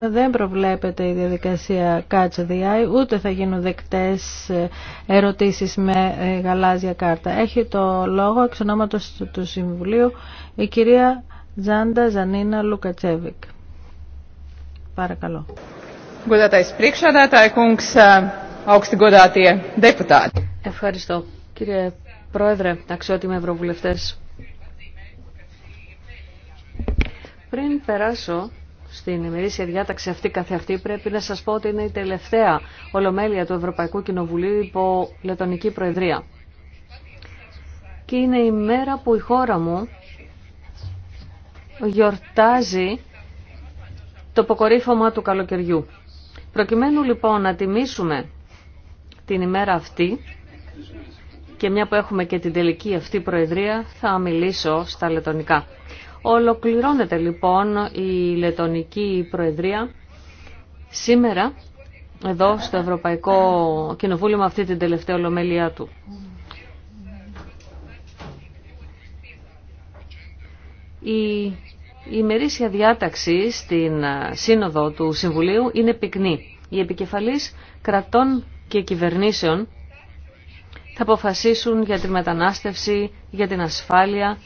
Δεν προβλέπεται η διαδικασία catch the eye, ούτε θα γίνουν δεκτές ερωτήσεις με ε, γαλάζια κάρτα. Έχει το λόγο εξ ονόματος του Συμβουλίου η κυρία Τζάντα Ζανίνα Λουκατσέβικ. Παρακαλώ. Ευχαριστώ. Κύριε Πρόεδρε, αξιότιμοι ευρωβουλευτές. Πριν περάσω στην ημερήσια διάταξη αυτή καθεαυτή πρέπει να σας πω ότι είναι η τελευταία ολομέλεια του Ευρωπαϊκού Κοινοβουλίου υπό Λετωνική Προεδρία. Και είναι η μέρα που η χώρα μου γιορτάζει το αποκορύφωμα του καλοκαιριού. Προκειμένου λοιπόν να τιμήσουμε την ημέρα αυτή και μια που έχουμε και την τελική αυτή προεδρία θα μιλήσω στα λετωνικά. Ολοκληρώνεται λοιπόν η Λετωνική Προεδρία σήμερα εδώ στο Ευρωπαϊκό Κοινοβούλιο με αυτή την τελευταία ολομέλειά του. Η ημερήσια διάταξη στην σύνοδο του Συμβουλίου είναι πυκνή. Οι επικεφαλής κρατών και κυβερνήσεων θα αποφασίσουν για τη μετανάστευση, για την ασφάλεια,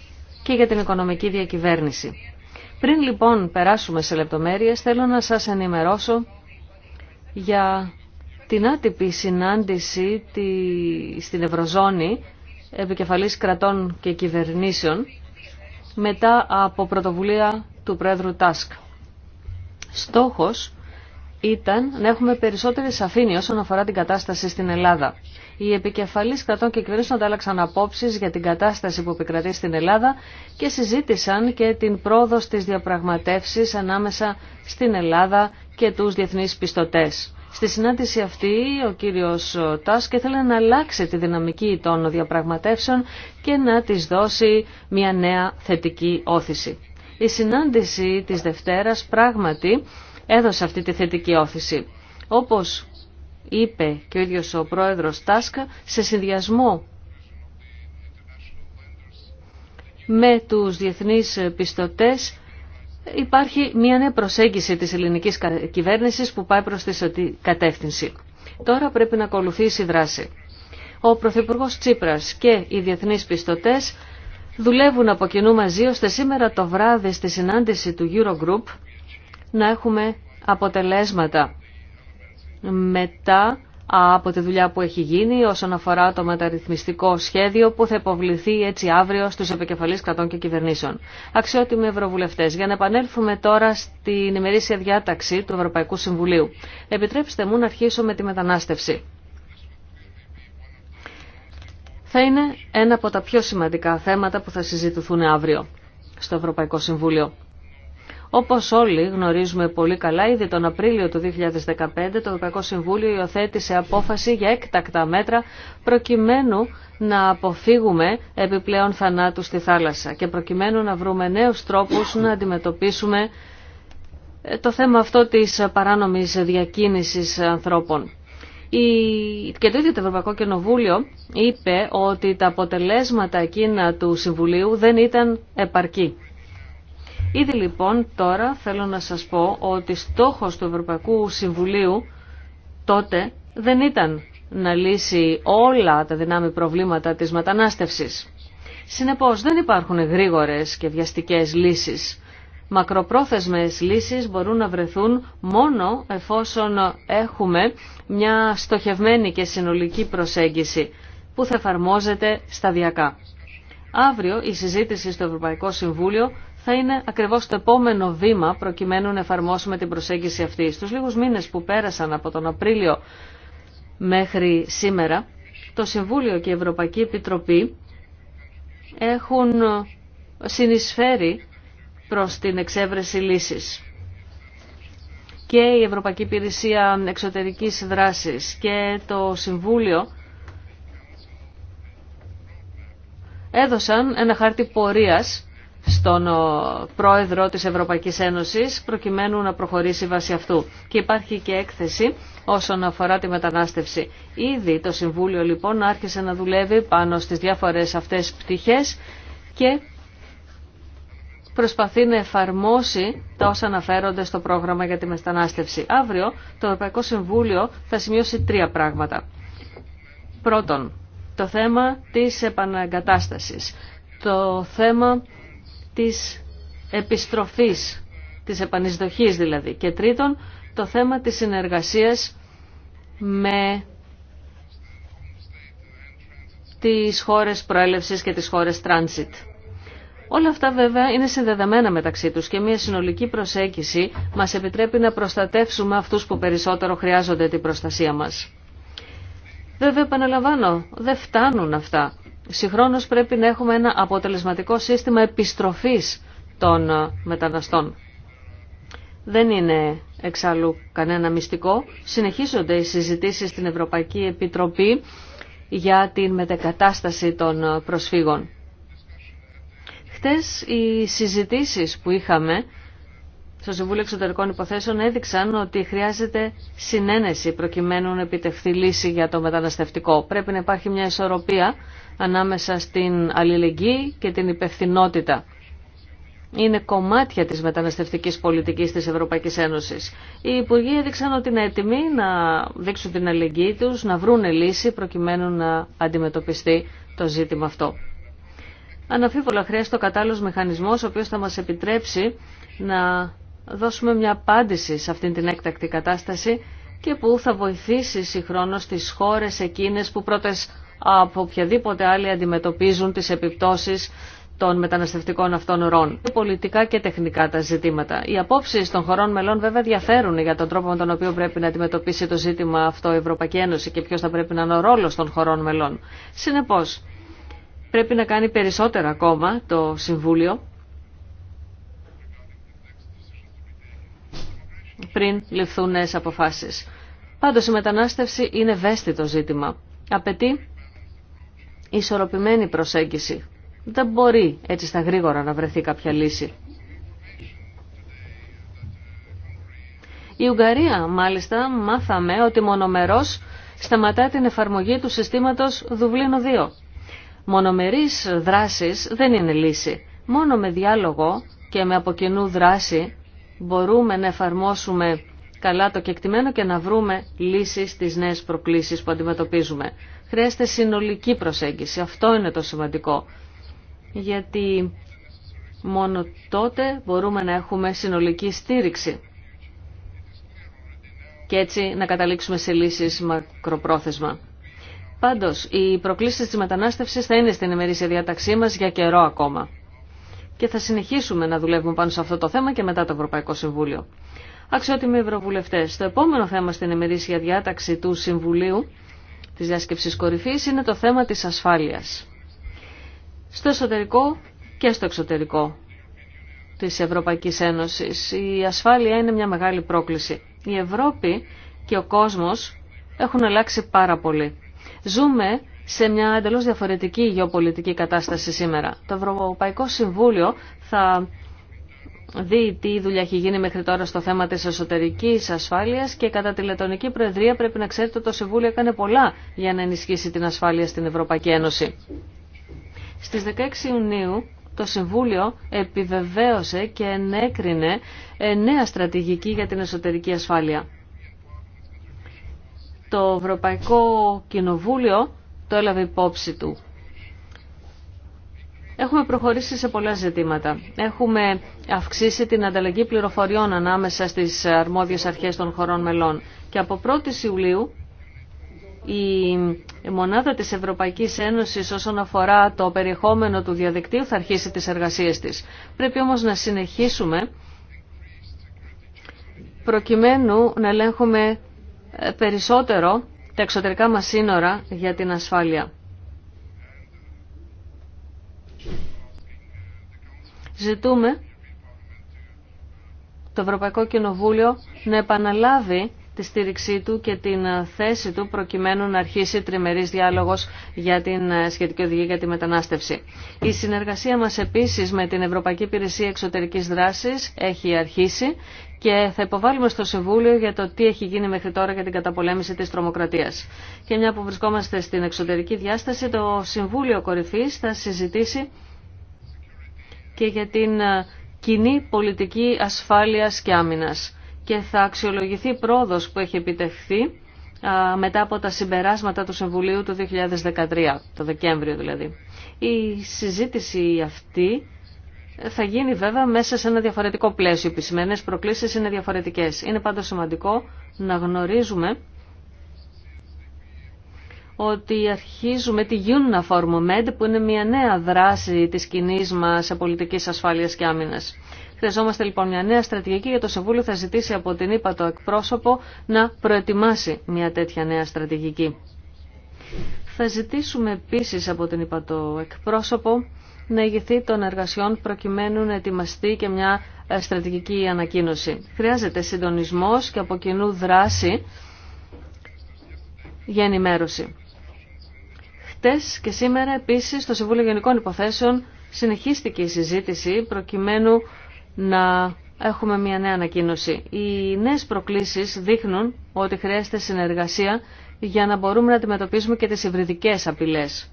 και για την οικονομική διακυβέρνηση. Πριν λοιπόν περάσουμε σε λεπτομέρειες, θέλω να σας ενημερώσω για την άτυπη συνάντηση στην Ευρωζώνη επικεφαλής κρατών και κυβερνήσεων μετά από πρωτοβουλία του Πρόεδρου Τάσκ. Στόχος ήταν να έχουμε περισσότερη σαφήνεια όσον αφορά την κατάσταση στην Ελλάδα. Οι επικεφαλείς κρατών και κυβερνήσεων αντάλλαξαν απόψεις για την κατάσταση που επικρατεί στην Ελλάδα και συζήτησαν και την πρόοδο στις διαπραγματεύσεις ανάμεσα στην Ελλάδα και τους διεθνείς πιστωτές. Στη συνάντηση αυτή ο κύριος Τάσκε θέλει να αλλάξει τη δυναμική των διαπραγματεύσεων και να της δώσει μια νέα θετική όθηση. Η συνάντηση της Δευτέρας πράγματι έδωσε αυτή τη θετική όθηση. Όπως είπε και ο ίδιος ο πρόεδρος Τάσκα, σε συνδυασμό με τους διεθνείς πιστωτές υπάρχει μια νέα προσέγγιση της ελληνικής κυβέρνησης που πάει προς τη σωτή κατεύθυνση. Τώρα πρέπει να ακολουθήσει η δράση. Ο Πρωθυπουργό Τσίπρας και οι διεθνείς πιστωτές δουλεύουν από κοινού μαζί ώστε σήμερα το βράδυ στη συνάντηση του Eurogroup να έχουμε αποτελέσματα μετά από τη δουλειά που έχει γίνει όσον αφορά το μεταρρυθμιστικό σχέδιο που θα υποβληθεί έτσι αύριο στους επικεφαλείς κρατών και κυβερνήσεων. Αξιότιμοι Ευρωβουλευτές, για να επανέλθουμε τώρα στην ημερήσια διάταξη του Ευρωπαϊκού Συμβουλίου. Επιτρέψτε μου να αρχίσω με τη μετανάστευση. Θα είναι ένα από τα πιο σημαντικά θέματα που θα συζητηθούν αύριο στο Ευρωπαϊκό Συμβούλιο. Όπως όλοι γνωρίζουμε πολύ καλά, ήδη τον Απρίλιο του 2015 το Ευρωπαϊκό Συμβούλιο υιοθέτησε απόφαση για έκτακτα μέτρα προκειμένου να αποφύγουμε επιπλέον θανάτου στη θάλασσα και προκειμένου να βρούμε νέους τρόπους να αντιμετωπίσουμε ε, το θέμα αυτό της παράνομης διακίνησης ανθρώπων. Και το ίδιο το Ευρωπαϊκό Κοινοβούλιο είπε ότι τα αποτελέσματα εκείνα του Συμβουλίου δεν ήταν επαρκή. Ήδη λοιπόν τώρα θέλω να σας πω ότι στόχος του Ευρωπαϊκού Συμβουλίου τότε δεν ήταν να λύσει όλα τα δυνάμει προβλήματα της μετανάστευσης. Συνεπώς δεν υπάρχουν γρήγορες και βιαστικές λύσεις. Μακροπρόθεσμες λύσεις μπορούν να βρεθούν μόνο εφόσον έχουμε μια στοχευμένη και συνολική προσέγγιση που θα εφαρμόζεται σταδιακά. Αύριο η συζήτηση στο Ευρωπαϊκό Συμβούλιο θα είναι ακριβώ το επόμενο βήμα προκειμένου να εφαρμόσουμε την προσέγγιση αυτή. Στου λίγου μήνες που πέρασαν από τον Απρίλιο μέχρι σήμερα, το Συμβούλιο και η Ευρωπαϊκή Επιτροπή έχουν συνεισφέρει προς την εξέβρεση λύσης. Και η Ευρωπαϊκή Υπηρεσία Εξωτερικής Δράσης και το Συμβούλιο έδωσαν ένα χάρτη πορείας στον πρόεδρο της Ευρωπαϊκής Ένωσης προκειμένου να προχωρήσει βάση αυτού. Και υπάρχει και έκθεση όσον αφορά τη μετανάστευση. Ήδη το Συμβούλιο λοιπόν άρχισε να δουλεύει πάνω στις διάφορες αυτές πτυχές και προσπαθεί να εφαρμόσει τα όσα αναφέρονται στο πρόγραμμα για τη μετανάστευση. Αύριο το Ευρωπαϊκό Συμβούλιο θα σημειώσει τρία πράγματα. Πρώτον, το θέμα της επαναγκατάστασης. Το θέμα της επιστροφής, της επανεισδοχής δηλαδή. Και τρίτον, το θέμα της συνεργασίας με τις χώρες προέλευσης και τις χώρες transit. Όλα αυτά βέβαια είναι συνδεδεμένα μεταξύ τους και μια συνολική προσέγγιση μας επιτρέπει να προστατεύσουμε αυτούς που περισσότερο χρειάζονται την προστασία μας. Βέβαια επαναλαμβάνω, δεν φτάνουν αυτά συγχρόνως πρέπει να έχουμε ένα αποτελεσματικό σύστημα επιστροφής των ε, μεταναστών. Δεν είναι εξάλλου κανένα μυστικό. Συνεχίζονται οι συζητήσεις στην Ευρωπαϊκή Επιτροπή για την μετακατάσταση των ε, προσφύγων. Χτες οι συζητήσεις που είχαμε στο Συμβούλιο Εξωτερικών Υποθέσεων έδειξαν ότι χρειάζεται συνένεση προκειμένου να επιτευχθεί λύση για το μεταναστευτικό. Πρέπει να υπάρχει μια ισορροπία ανάμεσα στην αλληλεγγύη και την υπευθυνότητα. Είναι κομμάτια της μεταναστευτικής πολιτικής της Ευρωπαϊκής Ένωσης. Οι Υπουργοί έδειξαν ότι είναι έτοιμοι να δείξουν την αλληλεγγύη τους, να βρουν λύση προκειμένου να αντιμετωπιστεί το ζήτημα αυτό. Αναφίβολα χρειάζεται ο κατάλληλος μηχανισμός ο οποίος θα μας επιτρέψει να δώσουμε μια απάντηση σε αυτήν την έκτακτη κατάσταση και που θα βοηθήσει συγχρόνως τις χώρες εκείνες που πρώτες από οποιαδήποτε άλλη αντιμετωπίζουν τις επιπτώσεις των μεταναστευτικών αυτών ορών. Πολιτικά και τεχνικά τα ζητήματα. Οι απόψει των χωρών μελών βέβαια διαφέρουν για τον τρόπο με τον οποίο πρέπει να αντιμετωπίσει το ζήτημα αυτό η Ευρωπαϊκή Ένωση και ποιο θα πρέπει να είναι ο ρόλο των χωρών μελών. Συνεπώ, πρέπει να κάνει περισσότερα ακόμα το Συμβούλιο πριν ληφθούν νέε αποφάσει. Πάντω, η μετανάστευση είναι ευαίσθητο ζήτημα. Απαιτεί ισορροπημένη προσέγγιση. Δεν μπορεί έτσι στα γρήγορα να βρεθεί κάποια λύση. Η Ουγγαρία, μάλιστα, μάθαμε ότι μονομερός σταματά την εφαρμογή του συστήματος Δουβλίνο 2. Μονομερείς δράσεις δεν είναι λύση. Μόνο με διάλογο και με αποκοινού δράση μπορούμε να εφαρμόσουμε καλά το κεκτημένο και να βρούμε λύσεις στις νέες προκλήσεις που αντιμετωπίζουμε. Χρειάζεται συνολική προσέγγιση. Αυτό είναι το σημαντικό. Γιατί μόνο τότε μπορούμε να έχουμε συνολική στήριξη. Και έτσι να καταλήξουμε σε λύσεις μακροπρόθεσμα. Πάντως, οι προκλήσεις της μετανάστευσης θα είναι στην ημερήσια διάταξή μας για καιρό ακόμα. Και θα συνεχίσουμε να δουλεύουμε πάνω σε αυτό το θέμα και μετά το Ευρωπαϊκό Συμβούλιο. Αξιότιμοι Ευρωβουλευτές, το επόμενο θέμα στην ημερήσια διάταξη του Συμβουλίου της διάσκεψης κορυφής είναι το θέμα της ασφάλειας. Στο εσωτερικό και στο εξωτερικό της Ευρωπαϊκής Ένωσης η ασφάλεια είναι μια μεγάλη πρόκληση. Η Ευρώπη και ο κόσμος έχουν αλλάξει πάρα πολύ. Ζούμε σε μια εντελώς διαφορετική γεωπολιτική κατάσταση σήμερα. Το Ευρωπαϊκό Συμβούλιο θα δει τι δουλειά έχει γίνει μέχρι τώρα στο θέμα της εσωτερικής ασφάλειας και κατά τη Λετωνική Προεδρία πρέπει να ξέρετε ότι το Συμβούλιο έκανε πολλά για να ενισχύσει την ασφάλεια στην Ευρωπαϊκή Ένωση. Στις 16 Ιουνίου το Συμβούλιο επιβεβαίωσε και ενέκρινε ε, νέα στρατηγική για την εσωτερική ασφάλεια. Το Ευρωπαϊκό Κοινοβούλιο το έλαβε υπόψη του Έχουμε προχωρήσει σε πολλά ζητήματα. Έχουμε αυξήσει την ανταλλαγή πληροφοριών ανάμεσα στις αρμόδιες αρχές των χωρών μελών. Και από 1η Ιουλίου η μονάδα της Ευρωπαϊκής Ένωσης όσον αφορά το περιεχόμενο του διαδικτύου θα αρχίσει τις εργασίες της. Πρέπει όμως να συνεχίσουμε προκειμένου να ελέγχουμε ε, περισσότερο τα εξωτερικά μας σύνορα για την ασφάλεια. Ζητούμε το Ευρωπαϊκό Κοινοβούλιο να επαναλάβει τη στήριξή του και την ε, θέση του προκειμένου να αρχίσει τριμερής διάλογος για την ε, σχετική οδηγία για τη μετανάστευση. Η συνεργασία μας επίσης με την Ευρωπαϊκή Υπηρεσία Εξωτερικής Δράσης έχει αρχίσει και θα υποβάλουμε στο Συμβούλιο για το τι έχει γίνει μέχρι τώρα για την καταπολέμηση της τρομοκρατίας. Και μια που βρισκόμαστε στην εξωτερική διάσταση, το Συμβούλιο Κορυφής θα συζητήσει και για την ε, κοινή πολιτική ασφάλειας και άμυνας και θα αξιολογηθεί η πρόοδος που έχει επιτευχθεί μετά από τα συμπεράσματα του Συμβουλίου του 2013, το Δεκέμβριο δηλαδή. Η συζήτηση αυτή θα γίνει βέβαια μέσα σε ένα διαφορετικό πλαίσιο. Οι επισημένε προκλήσεις είναι διαφορετικέ. Είναι πάντως σημαντικό να γνωρίζουμε ότι αρχίζουμε τη UNAFORM Φόρμο που είναι μια νέα δράση της κοινή μας πολιτικής ασφάλειας και άμυνας. Χρειαζόμαστε λοιπόν μια νέα στρατηγική για το Συμβούλιο θα ζητήσει από την ΕΠΑ το εκπρόσωπο να προετοιμάσει μια τέτοια νέα στρατηγική. Θα ζητήσουμε επίσης από την ΕΠΑ το εκπρόσωπο να ηγηθεί των εργασιών προκειμένου να ετοιμαστεί και μια ε, στρατηγική ανακοίνωση. Χρειάζεται συντονισμός και από κοινού δράση για ενημέρωση. Χτες και σήμερα επίσης στο Συμβούλιο Γενικών Υποθέσεων συνεχίστηκε η συζήτηση προκειμένου να έχουμε μια νέα ανακοίνωση. Οι νέες προκλήσεις δείχνουν ότι χρειάζεται συνεργασία για να μπορούμε να αντιμετωπίσουμε και τις υβριδικές απειλές.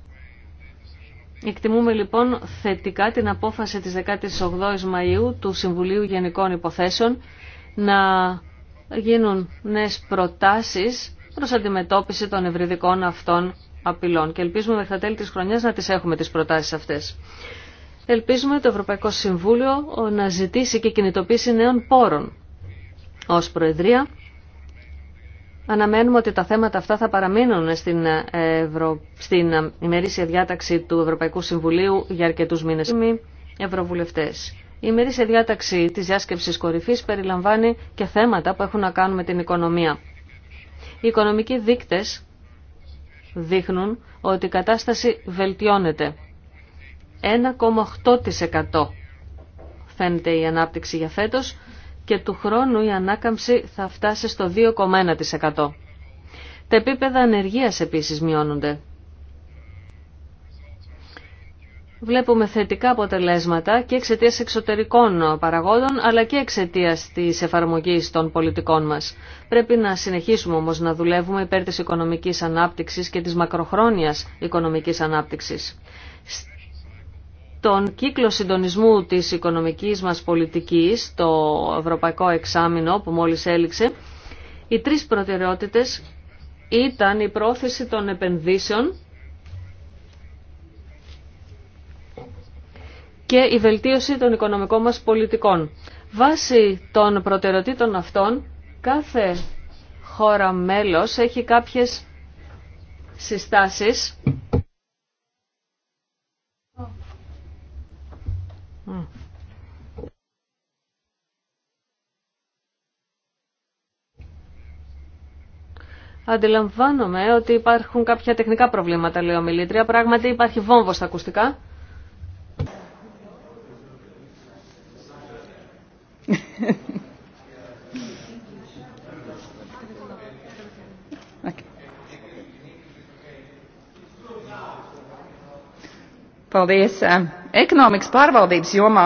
Εκτιμούμε λοιπόν θετικά την απόφαση της 18ης Μαΐου του Συμβουλίου Γενικών Υποθέσεων να γίνουν νέες προτάσεις προς αντιμετώπιση των υβριδικών αυτών απειλών και ελπίζουμε μέχρι τα τέλη της χρονιάς να τις έχουμε τις προτάσεις αυτές. Ελπίζουμε το Ευρωπαϊκό Συμβούλιο να ζητήσει και κινητοποίηση νέων πόρων. Ως Προεδρία αναμένουμε ότι τα θέματα αυτά θα παραμείνουν στην, Ευρω... στην ημερήσια διάταξη του Ευρωπαϊκού Συμβουλίου για αρκετούς μήνες. Ευρωβουλευτές. Η ημερήσια διάταξη της διάσκεψης κορυφής περιλαμβάνει και θέματα που έχουν να κάνουν με την οικονομία. Οι οικονομικοί δείκτες δείχνουν ότι η κατάσταση βελτιώνεται 1,8% φαίνεται η ανάπτυξη για φέτος και του χρόνου η ανάκαμψη θα φτάσει στο 2,1%. Τα επίπεδα ανεργίας επίσης μειώνονται. Βλέπουμε θετικά αποτελέσματα και εξαιτίας εξωτερικών παραγόντων αλλά και εξαιτίας της εφαρμογής των πολιτικών μας. Πρέπει να συνεχίσουμε όμως να δουλεύουμε υπέρ της οικονομικής ανάπτυξης και της μακροχρόνιας οικονομικής ανάπτυξης τον κύκλο συντονισμού της οικονομικής μας πολιτικής, το Ευρωπαϊκό Εξάμεινο που μόλις έληξε, οι τρεις προτεραιότητες ήταν η πρόθεση των επενδύσεων και η βελτίωση των οικονομικών μας πολιτικών. Βάσει των προτεραιοτήτων αυτών, κάθε χώρα μέλος έχει κάποιες συστάσεις Αντιλαμβάνομαι ότι υπάρχουν κάποια τεχνικά προβλήματα, λέει ο Μιλήτρια. Πράγματι υπάρχει βόμβο στα ακουστικά. Okay ekonomikas pārvaldības jomā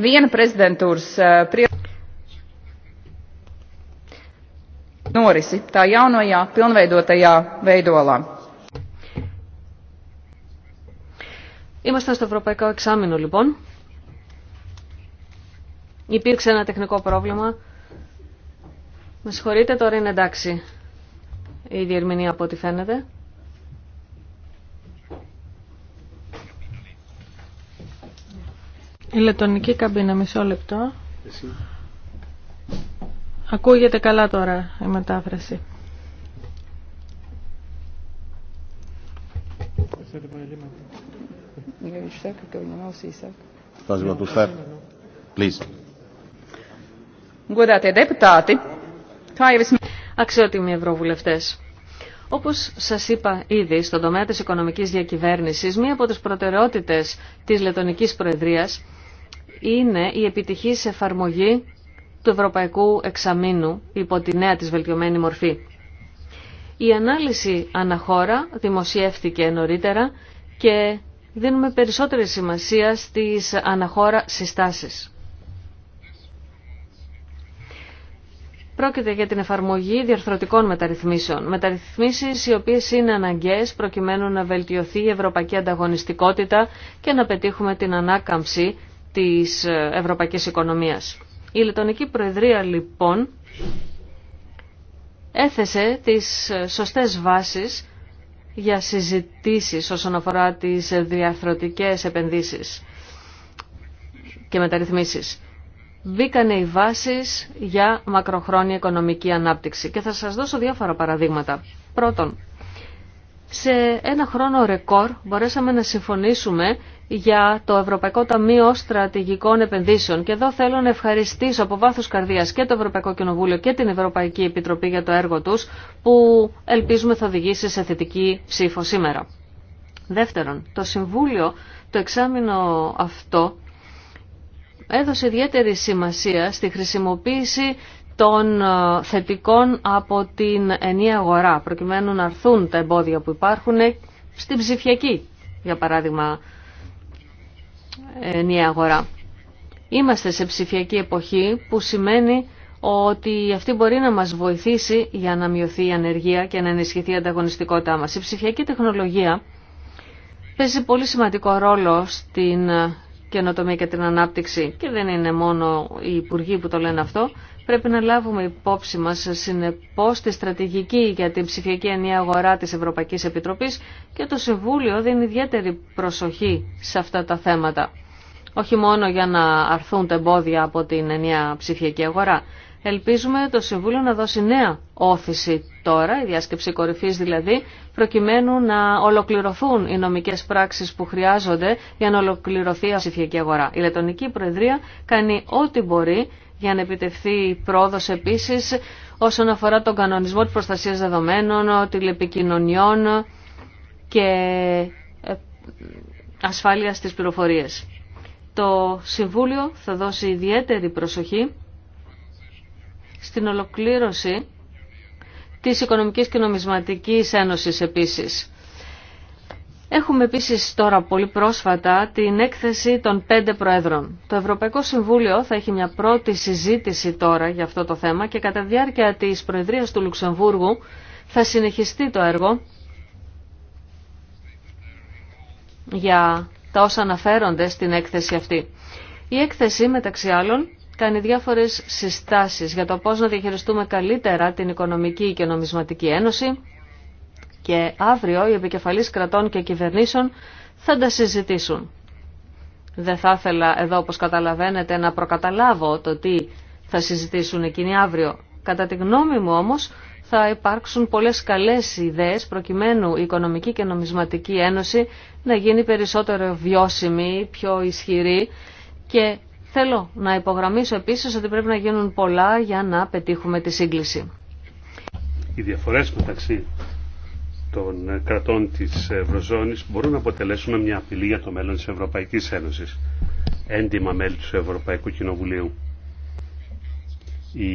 viena prezidentūras eh, norisi tā jaunajā pilnveidotajā veidolā. Ήμασταν στο Ευρωπαϊκό Εξάμεινο λοιπόν. Υπήρξε ένα τεχνικό πρόβλημα. Με συγχωρείτε, τώρα είναι εντάξει η διερμηνία από ό,τι φαίνεται. Η λετωνική καμπίνα, μισό λεπτό. Εσύ. Ακούγεται καλά τώρα η μετάφραση. Αξιότιμοι Ευρωβουλευτές, Όπω σας είπα ήδη, στον τομέα της οικονομικής διακυβέρνησης, μία από τι προτεραιότητε της Λετωνική προεδρία είναι η επιτυχής εφαρμογή του Ευρωπαϊκού Εξαμήνου υπό τη νέα της βελτιωμένη μορφή. Η ανάλυση αναχώρα δημοσιεύτηκε νωρίτερα και δίνουμε περισσότερη σημασία στις αναχώρα συστάσεις. Πρόκειται για την εφαρμογή διαρθρωτικών μεταρρυθμίσεων. Μεταρρυθμίσεις οι οποίες είναι αναγκαίες προκειμένου να βελτιωθεί η ευρωπαϊκή ανταγωνιστικότητα και να πετύχουμε την ανάκαμψη της ευρωπαϊκής οικονομίας. Η Λετωνική Προεδρία λοιπόν έθεσε τις σωστές βάσεις για συζητήσεις όσον αφορά τις διαρθρωτικές επενδύσεις και μεταρρυθμίσεις. Μπήκανε οι βάσεις για μακροχρόνια οικονομική ανάπτυξη και θα σας δώσω διάφορα παραδείγματα. Πρώτον, σε ένα χρόνο ρεκόρ μπορέσαμε να συμφωνήσουμε για το Ευρωπαϊκό Ταμείο Στρατηγικών Επενδύσεων. Και εδώ θέλω να ευχαριστήσω από βάθος καρδίας και το Ευρωπαϊκό Κοινοβούλιο και την Ευρωπαϊκή Επιτροπή για το έργο τους, που ελπίζουμε θα οδηγήσει σε θετική ψήφο σήμερα. Δεύτερον, το Συμβούλιο το εξάμεινο αυτό έδωσε ιδιαίτερη σημασία στη χρησιμοποίηση των ε, θετικών από την ενία αγορά, προκειμένου να αρθούν τα εμπόδια που υπάρχουν στην ψηφιακή, για παράδειγμα, ενιαία αγορά. Είμαστε σε ψηφιακή εποχή που σημαίνει ότι αυτή μπορεί να μας βοηθήσει για να μειωθεί η ανεργία και να ενισχυθεί η ανταγωνιστικότητά μας. Η ψηφιακή τεχνολογία παίζει πολύ σημαντικό ρόλο στην καινοτομία και την ανάπτυξη και δεν είναι μόνο οι υπουργοί που το λένε αυτό, Πρέπει να λάβουμε υπόψη μα συνεπώ τη στρατηγική για την ψηφιακή ενιαία αγορά της Ευρωπαϊκή Επιτροπής και το Συμβούλιο δίνει ιδιαίτερη προσοχή σε αυτά τα θέματα. Όχι μόνο για να αρθούν τα εμπόδια από την ενιαία ψηφιακή αγορά. Ελπίζουμε το Συμβούλιο να δώσει νέα όθηση τώρα, η διάσκεψη κορυφή δηλαδή, προκειμένου να ολοκληρωθούν οι νομικές πράξεις που χρειάζονται για να ολοκληρωθεί η ψηφιακή αγορά. Η Λετωνική Προεδρία κάνει ό,τι μπορεί για να επιτευχθεί πρόοδος επίσης όσον αφορά τον κανονισμό της προστασίας δεδομένων, τηλεπικοινωνιών και ε, ασφάλεια της πληροφορίας. Το Συμβούλιο θα δώσει ιδιαίτερη προσοχή στην ολοκλήρωση της Οικονομικής και Νομισματικής Ένωσης επίσης. Έχουμε επίσης τώρα πολύ πρόσφατα την έκθεση των πέντε Προέδρων. Το Ευρωπαϊκό Συμβούλιο θα έχει μια πρώτη συζήτηση τώρα για αυτό το θέμα και κατά διάρκεια της Προεδρίας του Λουξεμβούργου θα συνεχιστεί το έργο για τα όσα αναφέρονται στην έκθεση αυτή. Η έκθεση μεταξύ άλλων κάνει διάφορες συστάσεις για το πώς να διαχειριστούμε καλύτερα την Οικονομική και Νομισματική Ένωση, και αύριο οι επικεφαλείς κρατών και κυβερνήσεων θα τα συζητήσουν. Δεν θα ήθελα εδώ όπως καταλαβαίνετε να προκαταλάβω το τι θα συζητήσουν εκείνοι αύριο. Κατά τη γνώμη μου όμως θα υπάρξουν πολλές καλές ιδέες προκειμένου η Οικονομική και Νομισματική Ένωση να γίνει περισσότερο βιώσιμη, πιο ισχυρή και θέλω να υπογραμμίσω επίσης ότι πρέπει να γίνουν πολλά για να πετύχουμε τη σύγκληση. Οι διαφορές μεταξύ των κρατών της Ευρωζώνης μπορούν να αποτελέσουν μια απειλή για το μέλλον της Ευρωπαϊκής Ένωσης. Έντιμα μέλη του Ευρωπαϊκού Κοινοβουλίου. Η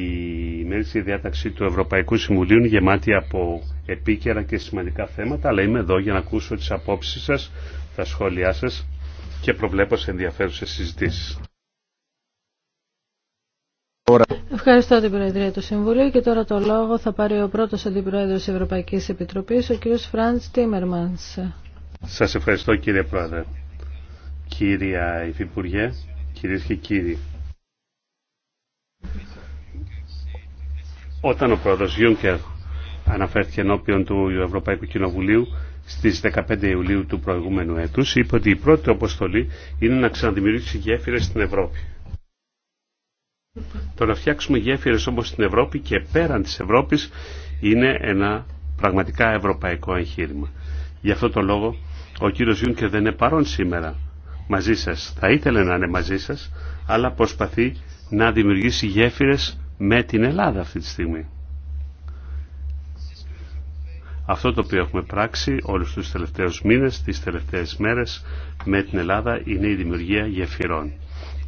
μέληση διάταξη του Ευρωπαϊκού Συμβουλίου είναι γεμάτη από επίκαιρα και σημαντικά θέματα, αλλά είμαι εδώ για να ακούσω τις απόψεις σας, τα σχόλιά σας και προβλέπω σε ενδιαφέρουσες συζητήσεις. Ευχαριστώ την Προεδρία του Συμβουλίου και τώρα το λόγο θα πάρει ο πρώτος Αντιπρόεδρος Ευρωπαϊκής Επιτροπής, ο κύριος Φραντ Τίμερμανς. Σας ευχαριστώ κύριε Πρόεδρε, κύρια Υφυπουργέ, κυρίες και κύριοι. Όταν ο πρόεδρος Γιούνκερ αναφέρθηκε ενώπιον του Ευρωπαϊκού Κοινοβουλίου στις 15 Ιουλίου του προηγούμενου έτους, είπε ότι η πρώτη αποστολή είναι να ξαναδημιουργήσει γέφυρε στην Ευρώπη. Το να φτιάξουμε γέφυρες όμως στην Ευρώπη και πέραν της Ευρώπης είναι ένα πραγματικά ευρωπαϊκό εγχείρημα. Γι' αυτό το λόγο ο κύριος Γιούνκερ δεν είναι παρόν σήμερα μαζί σας. Θα ήθελε να είναι μαζί σας, αλλά προσπαθεί να δημιουργήσει γέφυρες με την Ελλάδα αυτή τη στιγμή. Αυτό το οποίο έχουμε πράξει όλους τους τελευταίους μήνες, τις τελευταίες μέρες με την Ελλάδα είναι η δημιουργία γεφυρών.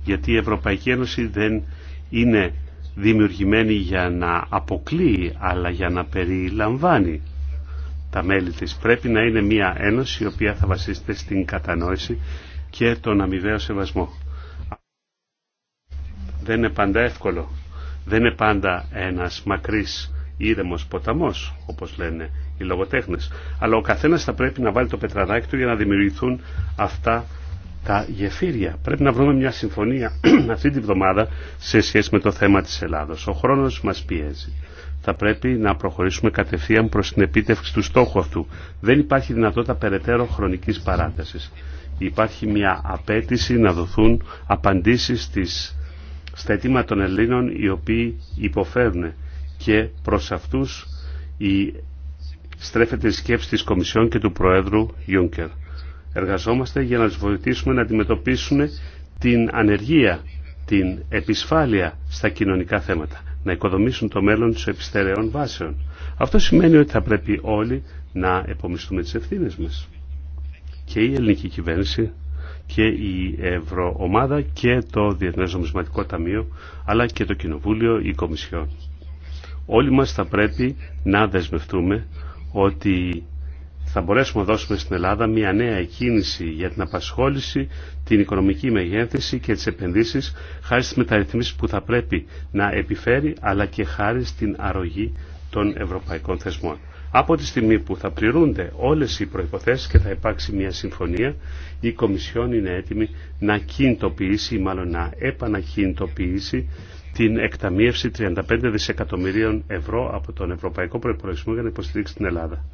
Γιατί η Ευρωπαϊκή Ένωση δεν είναι δημιουργημένη για να αποκλείει αλλά για να περιλαμβάνει τα μέλη της. Πρέπει να είναι μια ένωση η οποία θα βασίζεται στην κατανόηση και τον αμοιβαίο σεβασμό. Δεν είναι πάντα εύκολο. Δεν είναι πάντα ένας μακρύς ήρεμος ποταμός, όπως λένε οι λογοτέχνες. Αλλά ο καθένας θα πρέπει να βάλει το πετραδάκι για να δημιουργηθούν αυτά τα γεφύρια. Πρέπει να βρούμε μια συμφωνία αυτή τη βδομάδα σε σχέση με το θέμα της Ελλάδος. Ο χρόνος μας πιέζει. Θα πρέπει να προχωρήσουμε κατευθείαν προς την επίτευξη του στόχου αυτού. Δεν υπάρχει δυνατότητα περαιτέρω χρονικής παράτασης. Υπάρχει μια απέτηση να δοθούν απαντήσεις στις, στα αιτήματα των Ελλήνων οι οποίοι υποφέρουν και προς αυτούς η στρέφεται η σκέψη της Κομισιόν και του Προέδρου Ιούνκερ. Εργαζόμαστε για να τους βοηθήσουμε να αντιμετωπίσουν την ανεργία, την επισφάλεια στα κοινωνικά θέματα, να οικοδομήσουν το μέλλον της επιστερεών βάσεων. Αυτό σημαίνει ότι θα πρέπει όλοι να επομιστούμε τις ευθύνες μας. Και η ελληνική κυβέρνηση και η Ευρωομάδα και το Διεθνές Νομισματικό Ταμείο αλλά και το Κοινοβούλιο, η Κομισιόν. Όλοι μας θα πρέπει να δεσμευτούμε ότι θα μπορέσουμε να δώσουμε στην Ελλάδα μια νέα εκκίνηση για την απασχόληση, την οικονομική μεγέθυνση και τις επενδύσεις χάρη στις μεταρρυθμίσεις που θα πρέπει να επιφέρει αλλά και χάρη στην αρρωγή των ευρωπαϊκών θεσμών. Από τη στιγμή που θα πληρούνται όλες οι προϋποθέσεις και θα υπάρξει μια συμφωνία, η Κομισιόν είναι έτοιμη να κινητοποιήσει ή μάλλον να επανακινητοποιήσει την εκταμείευση 35 δισεκατομμυρίων ευρώ από τον Ευρωπαϊκό Προϋπολογισμό για να υποστηρίξει την Ελλάδα.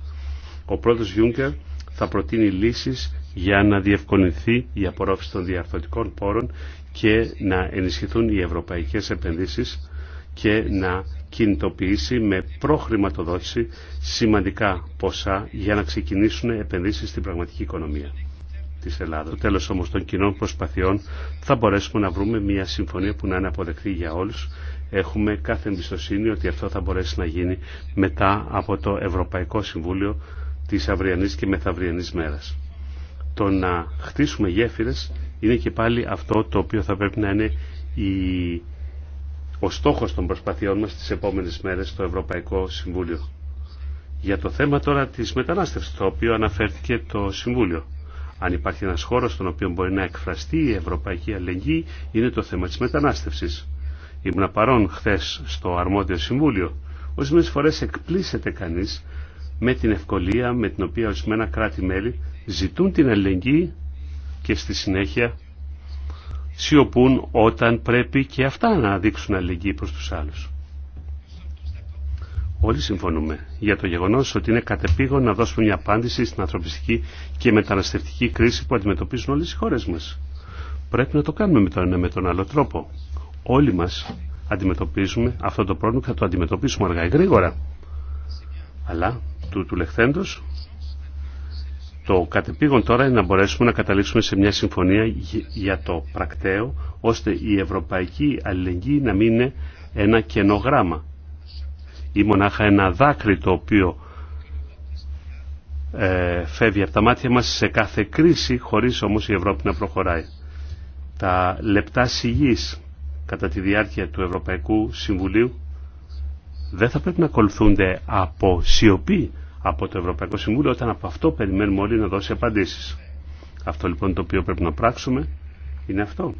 Ο πρόεδρος Γιούγκερ θα προτείνει λύσεις για να διευκολυνθεί η απορρόφηση των διαρθωτικών πόρων και να ενισχυθούν οι ευρωπαϊκές επενδύσεις και να κινητοποιήσει με προχρηματοδότηση σημαντικά ποσά για να ξεκινήσουν επενδύσεις στην πραγματική οικονομία της Ελλάδας. Το τέλος όμως των κοινών προσπαθειών θα μπορέσουμε να βρούμε μια συμφωνία που να είναι αποδεκτή για όλους. Έχουμε κάθε εμπιστοσύνη ότι αυτό θα μπορέσει να γίνει μετά από το Ευρωπαϊκό Συμβούλιο της αυριανής και μεθαυριανής μέρας. Το να χτίσουμε γέφυρες είναι και πάλι αυτό το οποίο θα πρέπει να είναι η... ο στόχος των προσπαθειών μας τις επόμενες μέρες στο Ευρωπαϊκό Συμβούλιο. Για το θέμα τώρα της μετανάστευσης, το οποίο αναφέρθηκε το Συμβούλιο. Αν υπάρχει ένας χώρος στον οποίο μπορεί να εκφραστεί η ευρωπαϊκή αλληλεγγύη, είναι το θέμα της μετανάστευσης. Ήμουν παρόν χθε στο αρμόδιο Συμβούλιο. Ορισμένε φορές εκπλήσεται κανείς με την ευκολία με την οποία ορισμένα κράτη-μέλη ζητούν την αλληλεγγύη και στη συνέχεια σιωπούν όταν πρέπει και αυτά να δείξουν αλληλεγγύη προς τους άλλους. Όλοι συμφωνούμε για το γεγονός ότι είναι κατεπήγον να δώσουμε μια απάντηση στην ανθρωπιστική και μεταναστευτική κρίση που αντιμετωπίζουν όλες οι χώρες μας. Πρέπει να το κάνουμε με τον με τον άλλο τρόπο. Όλοι μας αντιμετωπίζουμε αυτό το πρόβλημα και θα το αντιμετωπίσουμε αργά ή γρήγορα. Αλλά του, του λεχθέντος. Το κατεπήγον τώρα είναι να μπορέσουμε να καταλήξουμε σε μια συμφωνία για το πρακτέο, ώστε η ευρωπαϊκή αλληλεγγύη να μην είναι ένα κενό γράμμα ή μονάχα ένα δάκρυ το οποίο ε, φεύγει από τα μάτια μας σε κάθε κρίση χωρίς όμως η Ευρώπη να προχωράει. Τα λεπτά σιγής κατά τη διάρκεια του Ευρωπαϊκού Συμβουλίου δεν θα πρέπει να ακολουθούνται από σιωπή από το Ευρωπαϊκό Συμβούλιο όταν από αυτό περιμένουμε όλοι να δώσει απαντήσεις. Αυτό λοιπόν το οποίο πρέπει να πράξουμε είναι αυτό.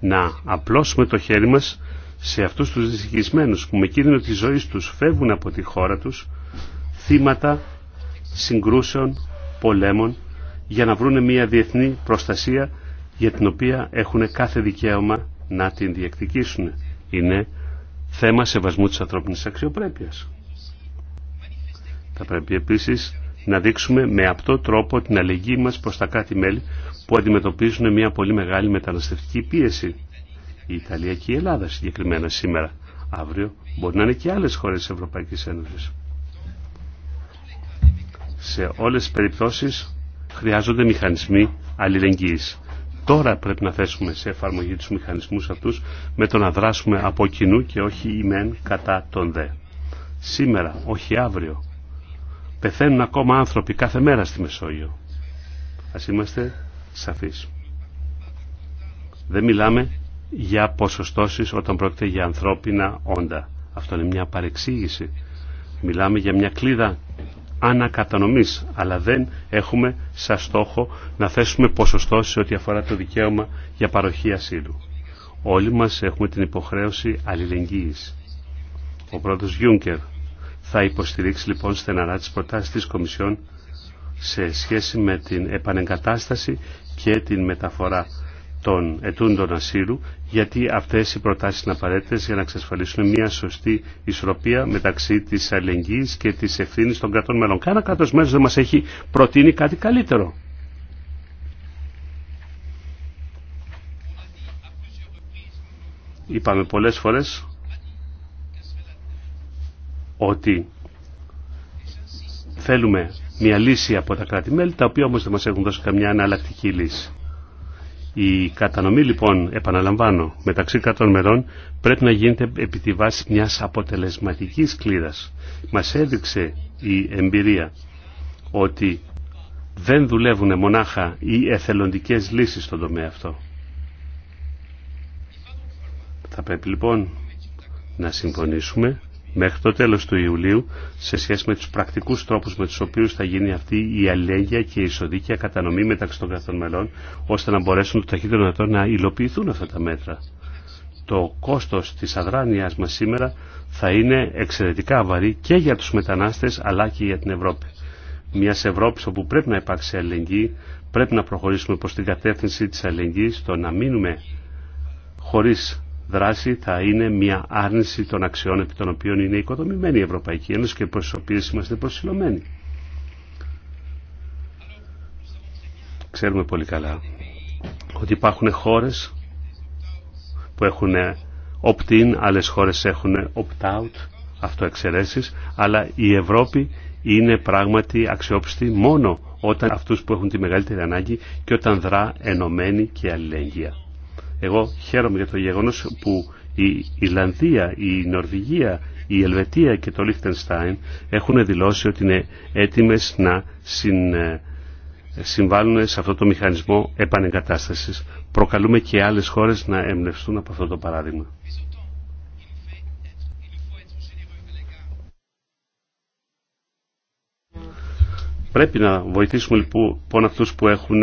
Να απλώσουμε το χέρι μας σε αυτούς τους δυστυχισμένους που με κίνδυνο της ζωής τους φεύγουν από τη χώρα τους θύματα συγκρούσεων, πολέμων για να βρουν μια διεθνή προστασία για την οποία έχουν κάθε δικαίωμα να την διεκδικήσουν είναι θέμα σεβασμού της ανθρώπινης αξιοπρέπειας. Θα πρέπει επίσης να δείξουμε με αυτό τρόπο την αλληλεγγύη μας προς τα κράτη-μέλη που αντιμετωπίζουν μια πολύ μεγάλη μεταναστευτική πίεση. Η Ιταλία και η Ελλάδα συγκεκριμένα σήμερα. Αύριο μπορεί να είναι και άλλες χώρες της Ευρωπαϊκής Ένωσης. Σε όλες τις περιπτώσεις χρειάζονται μηχανισμοί αλληλεγγύης. Τώρα πρέπει να θέσουμε σε εφαρμογή τους μηχανισμούς αυτούς με το να δράσουμε από κοινού και όχι ημέν κατά τον δε. Σήμερα, όχι αύριο. Πεθαίνουν ακόμα άνθρωποι κάθε μέρα στη Μεσόγειο. Ας είμαστε σαφείς. Δεν μιλάμε για ποσοστώσεις όταν πρόκειται για ανθρώπινα όντα. Αυτό είναι μια παρεξήγηση. Μιλάμε για μια κλίδα ανακατανομής, αλλά δεν έχουμε σαν στόχο να θέσουμε σε ό,τι αφορά το δικαίωμα για παροχή ασύλου. Όλοι μας έχουμε την υποχρέωση αλληλεγγύης. Ο πρώτος Γιούνκερ θα υποστηρίξει λοιπόν στεναρά τις προτάσεις της Κομισιόν σε σχέση με την επανεγκατάσταση και την μεταφορά των ετούντων ασύλου, γιατί αυτές οι προτάσεις είναι απαραίτητες για να εξασφαλίσουν μια σωστή ισορροπία μεταξύ της αλληλεγγύης και της ευθύνη των κρατών μέλων. Κάνα κράτος μέλος δεν μας έχει προτείνει κάτι καλύτερο. Είπαμε πολλές φορές ότι θέλουμε μια λύση από τα κράτη-μέλη, τα οποία όμως δεν μας έχουν δώσει καμιά αναλλακτική λύση. Η κατανομή λοιπόν, επαναλαμβάνω, μεταξύ κρατών μερών πρέπει να γίνεται επί τη βάση μιας αποτελεσματικής κλίδας. Μας έδειξε η εμπειρία ότι δεν δουλεύουν μονάχα οι εθελοντικές λύσεις στον τομέα αυτό. Θα πρέπει λοιπόν να συμφωνήσουμε μέχρι το τέλος του Ιουλίου σε σχέση με τους πρακτικούς τρόπους με τους οποίους θα γίνει αυτή η αλληλέγγυα και η ισοδίκια κατανομή μεταξύ των κρατών μελών ώστε να μπορέσουν το ταχύτερο δυνατό να υλοποιηθούν αυτά τα μέτρα. Το κόστος της αδράνειας μας σήμερα θα είναι εξαιρετικά βαρύ και για τους μετανάστες αλλά και για την Ευρώπη. Μια Ευρώπη όπου πρέπει να υπάρξει αλληλεγγύη, πρέπει να προχωρήσουμε προς την κατεύθυνση της αλληλεγγύης, το να μείνουμε χωρίς δράση θα είναι μια άρνηση των αξιών επί των οποίων είναι οικοδομημένη η Ευρωπαϊκή Ένωση και προς τις οποίες είμαστε προσιλωμένοι. Ξέρουμε πολύ καλά ότι υπάρχουν χώρες που έχουν opt-in, άλλες χώρες έχουν opt-out, αυτοεξαιρέσεις, αλλά η Ευρώπη είναι πράγματι αξιόπιστη μόνο όταν αυτούς που έχουν τη μεγαλύτερη ανάγκη και όταν δρά ενωμένη και αλληλεγγύα. Εγώ χαίρομαι για το γεγονός που η Ιρλανδία, η Νορβηγία, η Ελβετία και το Λίχτενστάιν έχουν δηλώσει ότι είναι έτοιμες να συν, ε, συμβάλλουν σε αυτό το μηχανισμό επανεγκατάστασης. Προκαλούμε και άλλες χώρες να εμπνευστούν από αυτό το παράδειγμα. Πρέπει να βοηθήσουμε λοιπόν αυτούς που έχουν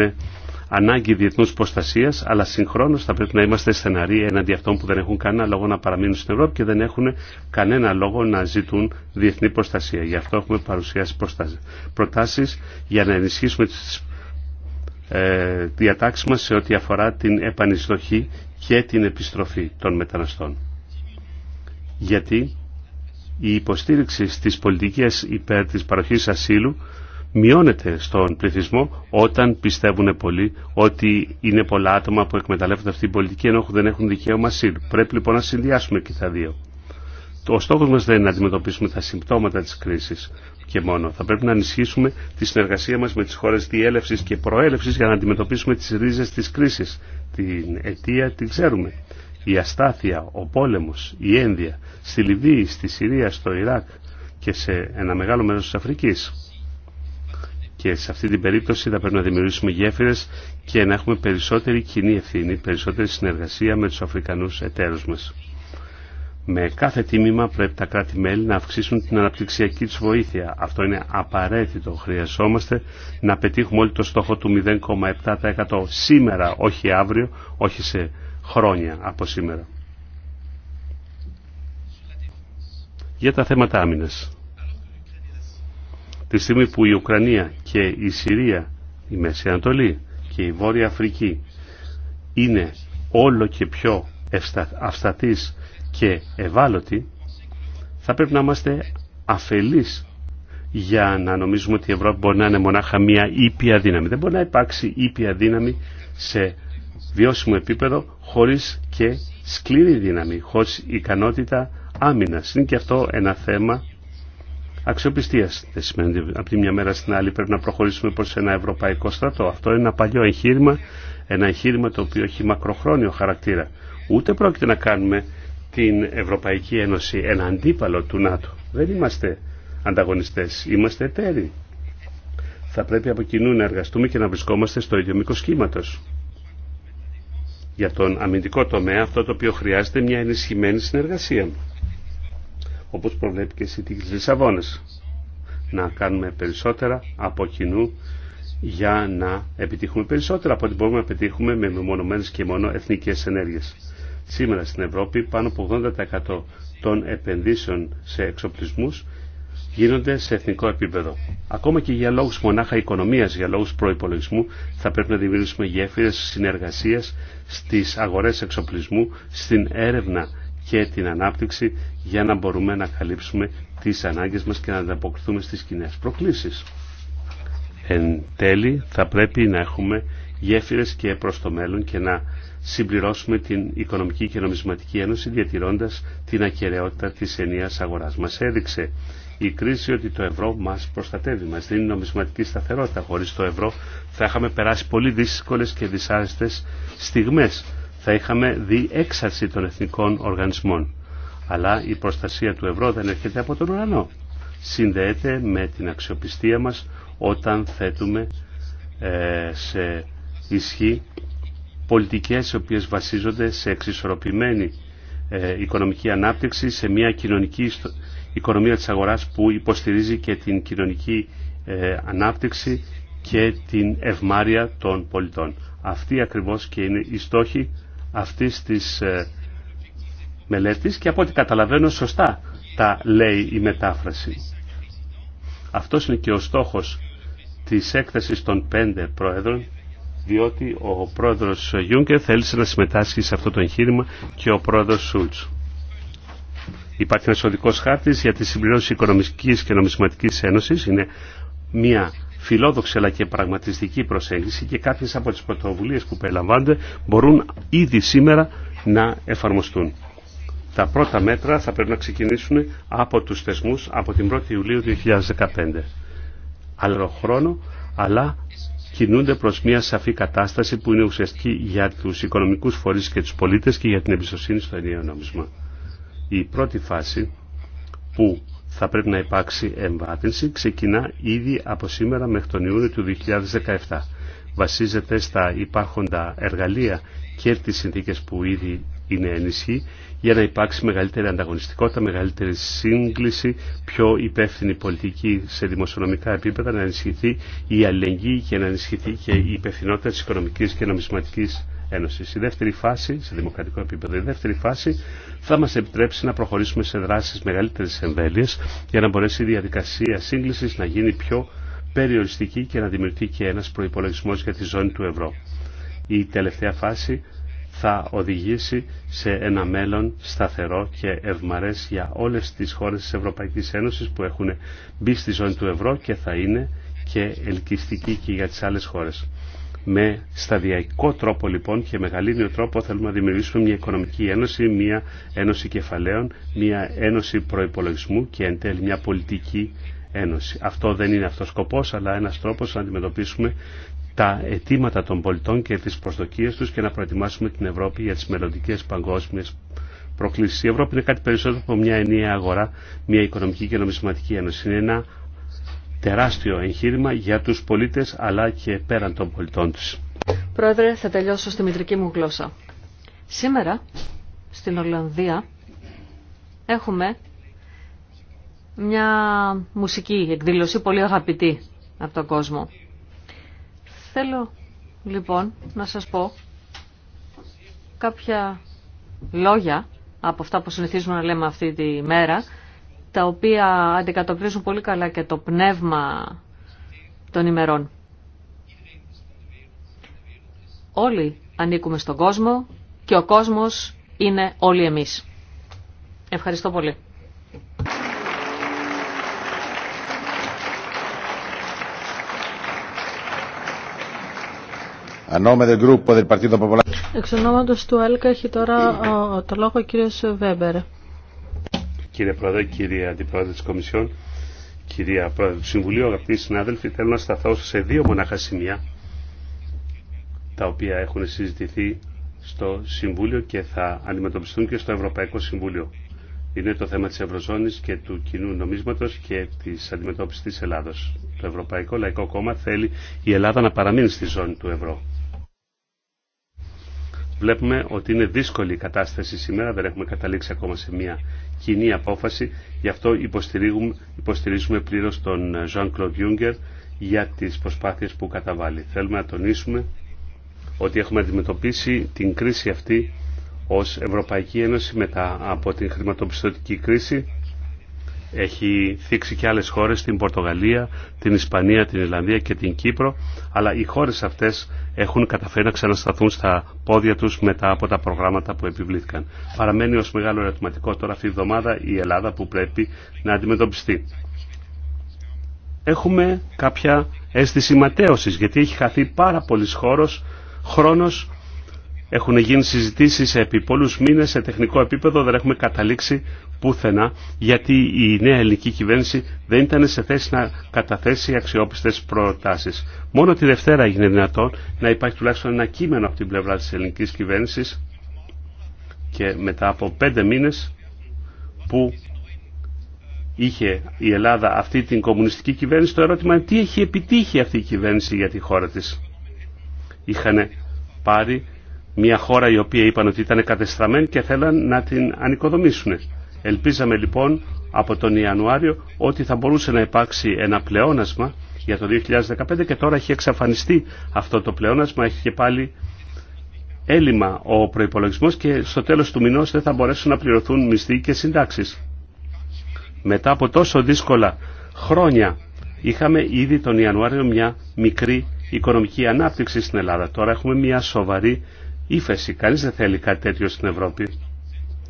ανάγκη διεθνού προστασία, αλλά συγχρόνω θα πρέπει να είμαστε στεναροί έναντι αυτών που δεν έχουν κανένα λόγο να παραμείνουν στην Ευρώπη και δεν έχουν κανένα λόγο να ζητούν διεθνή προστασία. Γι' αυτό έχουμε παρουσιάσει προτάσεις για να ενισχύσουμε τι ε, μα μας σε ό,τι αφορά την επανεισδοχή και την επιστροφή των μεταναστών. Γιατί η υποστήριξη στις πολιτικές υπέρ της παροχής ασύλου μειώνεται στον πληθυσμό όταν πιστεύουν πολλοί ότι είναι πολλά άτομα που εκμεταλλεύονται αυτή την πολιτική ενώ δεν έχουν δικαίωμα σύλλου. Πρέπει λοιπόν να συνδυάσουμε και τα δύο. Ο στόχος μας δεν είναι να αντιμετωπίσουμε τα συμπτώματα της κρίσης και μόνο. Θα πρέπει να ενισχύσουμε τη συνεργασία μας με τις χώρες διέλευσης και προέλευσης για να αντιμετωπίσουμε τις ρίζες της κρίσης. Την αιτία την ξέρουμε. Η αστάθεια, ο πόλεμος, η ένδια στη Λιβύη, στη Συρία, στο Ιράκ και σε ένα μεγάλο μέρος της Αφρικής και σε αυτή την περίπτωση θα πρέπει να δημιουργήσουμε γέφυρες και να έχουμε περισσότερη κοινή ευθύνη, περισσότερη συνεργασία με τους Αφρικανούς εταίρους μας. Με κάθε τίμημα πρέπει τα κράτη-μέλη να αυξήσουν την αναπτυξιακή τους βοήθεια. Αυτό είναι απαραίτητο. Χρειαζόμαστε να πετύχουμε όλοι το στόχο του 0,7% σήμερα, όχι αύριο, όχι σε χρόνια από σήμερα. Για τα θέματα άμυνας. Τη στιγμή που η Ουκρανία και η Συρία, η Μέση Ανατολή και η Βόρεια Αφρική είναι όλο και πιο αυστατής και ευάλωτη, θα πρέπει να είμαστε αφελείς για να νομίζουμε ότι η Ευρώπη μπορεί να είναι μονάχα μία ήπια δύναμη. Δεν μπορεί να υπάρξει ήπια δύναμη σε βιώσιμο επίπεδο χωρίς και σκληρή δύναμη, χωρίς ικανότητα άμυνας. Είναι και αυτό ένα θέμα αξιοπιστία. Δεν σημαίνει ότι από τη μια μέρα στην άλλη πρέπει να προχωρήσουμε προ ένα ευρωπαϊκό στρατό. Αυτό είναι ένα παλιό εγχείρημα, ένα εγχείρημα το οποίο έχει μακροχρόνιο χαρακτήρα. Ούτε πρόκειται να κάνουμε την Ευρωπαϊκή Ένωση ένα αντίπαλο του ΝΑΤΟ. Δεν είμαστε ανταγωνιστέ, είμαστε εταίροι. Θα πρέπει από κοινού να εργαστούμε και να βρισκόμαστε στο ίδιο μήκο κύματο. Για τον αμυντικό τομέα αυτό το οποίο χρειάζεται μια ενισχυμένη συνεργασία όπως προβλέπει και η Συνθήκη της Να κάνουμε περισσότερα από κοινού για να επιτύχουμε περισσότερα από ό,τι μπορούμε να πετύχουμε με μεμονωμένες και μόνο εθνικές ενέργειες. Σήμερα στην Ευρώπη πάνω από 80% των επενδύσεων σε εξοπλισμούς γίνονται σε εθνικό επίπεδο. Ακόμα και για λόγους μονάχα οικονομίας, για λόγους προϋπολογισμού, θα πρέπει να δημιουργήσουμε γέφυρες συνεργασίας στις αγορές εξοπλισμού, στην έρευνα και την ανάπτυξη για να μπορούμε να καλύψουμε τις ανάγκες μας και να ανταποκριθούμε στις κοινέ προκλήσεις. Εν τέλει θα πρέπει να έχουμε γέφυρες και προς το μέλλον και να συμπληρώσουμε την Οικονομική και Νομισματική Ένωση διατηρώντας την ακεραιότητα της ενιαίας αγοράς. Μας έδειξε η κρίση ότι το ευρώ μας προστατεύει, μας δίνει νομισματική σταθερότητα. Χωρίς το ευρώ θα είχαμε περάσει πολύ δύσκολες και δυσάρεστες στιγμές θα είχαμε δει έξαρση των εθνικών οργανισμών. Αλλά η προστασία του ευρώ δεν έρχεται από τον ουρανό. Συνδέεται με την αξιοπιστία μας όταν θέτουμε ε, σε ισχύ πολιτικές οι οποίες βασίζονται σε εξισορροπημένη ε, οικονομική ανάπτυξη, σε μια κοινωνική οικονομία της αγοράς που υποστηρίζει και την κοινωνική ε, ανάπτυξη και την ευμάρεια των πολιτών. Αυτή ακριβώς και είναι η στόχη αυτής της ε, μελέτης και από ό,τι καταλαβαίνω σωστά τα λέει η μετάφραση. Αυτός είναι και ο στόχος της έκθεσης των πέντε πρόεδρων διότι ο πρόεδρος Γιούγκερ θέλησε να συμμετάσχει σε αυτό το εγχείρημα και ο πρόεδρος Σούλτς. Υπάρχει ένα οδικός χάρτης για τη συμπληρώση οικονομικής και νομισματικής ένωσης. Είναι μια φιλόδοξη αλλά και πραγματιστική προσέγγιση και κάποιες από τις πρωτοβουλίες που περιλαμβάνονται μπορούν ήδη σήμερα να εφαρμοστούν. Τα πρώτα μέτρα θα πρέπει να ξεκινήσουν από τους θεσμούς από την 1η Ιουλίου 2015. Άλλο χρόνο, αλλά κινούνται προς μια σαφή κατάσταση που είναι ουσιαστική για τους οικονομικούς φορείς και τους πολίτες και για την εμπιστοσύνη στο ενιαίο νόμισμα. Η πρώτη φάση που θα πρέπει να υπάρξει εμβάθυνση, ξεκινά ήδη από σήμερα μέχρι τον Ιούνιο του 2017. Βασίζεται στα υπάρχοντα εργαλεία και τις συνθήκες που ήδη είναι ενισχύ για να υπάρξει μεγαλύτερη ανταγωνιστικότητα, μεγαλύτερη σύγκληση, πιο υπεύθυνη πολιτική σε δημοσιονομικά επίπεδα, να ενισχυθεί η αλληλεγγύη και να ενισχυθεί και η υπευθυνότητα της Οικονομικής και Νομισματικής Ένωσης. Η δεύτερη φάση, σε δημοκρατικό επίπεδο, η δεύτερη φάση θα μας επιτρέψει να προχωρήσουμε σε δράσεις μεγαλύτερης εμβέλειας για να μπορέσει η διαδικασία σύγκλησης να γίνει πιο περιοριστική και να δημιουργηθεί και ένας προϋπολογισμός για τη ζώνη του ευρώ. Η τελευταία φάση θα οδηγήσει σε ένα μέλλον σταθερό και ευμαρές για όλες τις χώρες της Ευρωπαϊκής Ένωσης που έχουν μπει στη ζώνη του ευρώ και θα είναι και ελκυστική και για τις άλλες χώρες. Με σταδιακό τρόπο λοιπόν και μεγαλύτερο τρόπο θέλουμε να δημιουργήσουμε μια οικονομική ένωση, μια ένωση κεφαλαίων, μια ένωση προπολογισμού και εν τέλει μια πολιτική ένωση. Αυτό δεν είναι αυτός σκοπός, αλλά ένας τρόπος να αντιμετωπίσουμε τα αιτήματα των πολιτών και τις προσδοκίες τους και να προετοιμάσουμε την Ευρώπη για τις μελλοντικές παγκόσμιες προκλήσεις. Η Ευρώπη είναι κάτι περισσότερο από μια ενιαία αγορά, μια οικονομική και νομισματική ένωση. Είναι ένα τεράστιο εγχείρημα για τους πολίτες αλλά και πέραν των πολιτών τους. Πρόεδρε, θα τελειώσω στη μητρική μου γλώσσα. Σήμερα στην Ολλανδία έχουμε μια μουσική εκδήλωση πολύ αγαπητή από τον κόσμο. Θέλω λοιπόν να σας πω κάποια λόγια από αυτά που συνηθίζουμε να λέμε αυτή τη μέρα τα οποία αντικατοπτρίζουν πολύ καλά και το πνεύμα των ημερών. Όλοι ανήκουμε στον κόσμο και ο κόσμος είναι όλοι εμείς. Ευχαριστώ πολύ. Εξ ονόματος του ΕΛΚΑ έχει τώρα το λόγο ο κύριος Βέμπερ. Κύριε Πρόεδρε, κύριε Αντιπρόεδρε τη Κομισιόν, κυρία Πρόεδρε του Συμβουλίου, αγαπητοί συνάδελφοι, θέλω να σταθώ σε δύο μονάχα σημεία τα οποία έχουν συζητηθεί στο Συμβούλιο και θα αντιμετωπιστούν και στο Ευρωπαϊκό Συμβούλιο. Είναι το θέμα της Ευρωζώνης και του κοινού νομίσματος και της αντιμετώπισης της Ελλάδος. Το Ευρωπαϊκό Λαϊκό Κόμμα θέλει η Ελλάδα να παραμείνει στη ζώνη του ευρώ. Βλέπουμε ότι είναι δύσκολη η κατάσταση σήμερα, δεν έχουμε καταλήξει ακόμα σε μια κοινή απόφαση. Γι' αυτό υποστηρίζουμε, υποστηρίζουμε πλήρως τον ε, Jean-Claude Juncker για τις προσπάθειες που καταβάλει. Θέλουμε να τονίσουμε ότι έχουμε αντιμετωπίσει την κρίση αυτή ως Ευρωπαϊκή Ένωση μετά από την χρηματοπιστωτική κρίση έχει θίξει και άλλες χώρες, την Πορτογαλία, την Ισπανία, την Ιρλανδία και την Κύπρο, αλλά οι χώρες αυτές έχουν καταφέρει να ξανασταθούν στα πόδια τους μετά από τα προγράμματα που επιβλήθηκαν. Παραμένει ως μεγάλο ερωτηματικό τώρα αυτή η εβδομάδα η Ελλάδα που πρέπει να αντιμετωπιστεί. Έχουμε κάποια αίσθηση ματέωσης, γιατί έχει χαθεί πάρα πολλής χώρος, χρόνος, έχουν γίνει συζητήσεις επί πολλούς μήνες σε τεχνικό επίπεδο, δεν έχουμε καταλήξει πουθενά γιατί η νέα ελληνική κυβέρνηση δεν ήταν σε θέση να καταθέσει αξιόπιστες προτάσεις. Μόνο τη Δευτέρα έγινε δυνατόν να υπάρχει τουλάχιστον ένα κείμενο από την πλευρά της ελληνικής κυβέρνησης και μετά από πέντε μήνες που είχε η Ελλάδα αυτή την κομμουνιστική κυβέρνηση το ερώτημα είναι τι έχει επιτύχει αυτή η κυβέρνηση για τη χώρα της. Είχαν πάρει μια χώρα η οποία είπαν ότι ήταν κατεστραμμένη και θέλαν να την ανοικοδομήσουν. Ελπίζαμε λοιπόν από τον Ιανουάριο ότι θα μπορούσε να υπάρξει ένα πλεόνασμα για το 2015 και τώρα έχει εξαφανιστεί αυτό το πλεόνασμα, έχει και πάλι έλλειμμα ο προϋπολογισμός και στο τέλος του μηνός δεν θα μπορέσουν να πληρωθούν μισθοί και συντάξεις. Μετά από τόσο δύσκολα χρόνια είχαμε ήδη τον Ιανουάριο μια μικρή οικονομική ανάπτυξη στην Ελλάδα. Τώρα έχουμε μια σοβαρή ύφεση. Κανείς δεν θέλει κάτι τέτοιο στην Ευρώπη.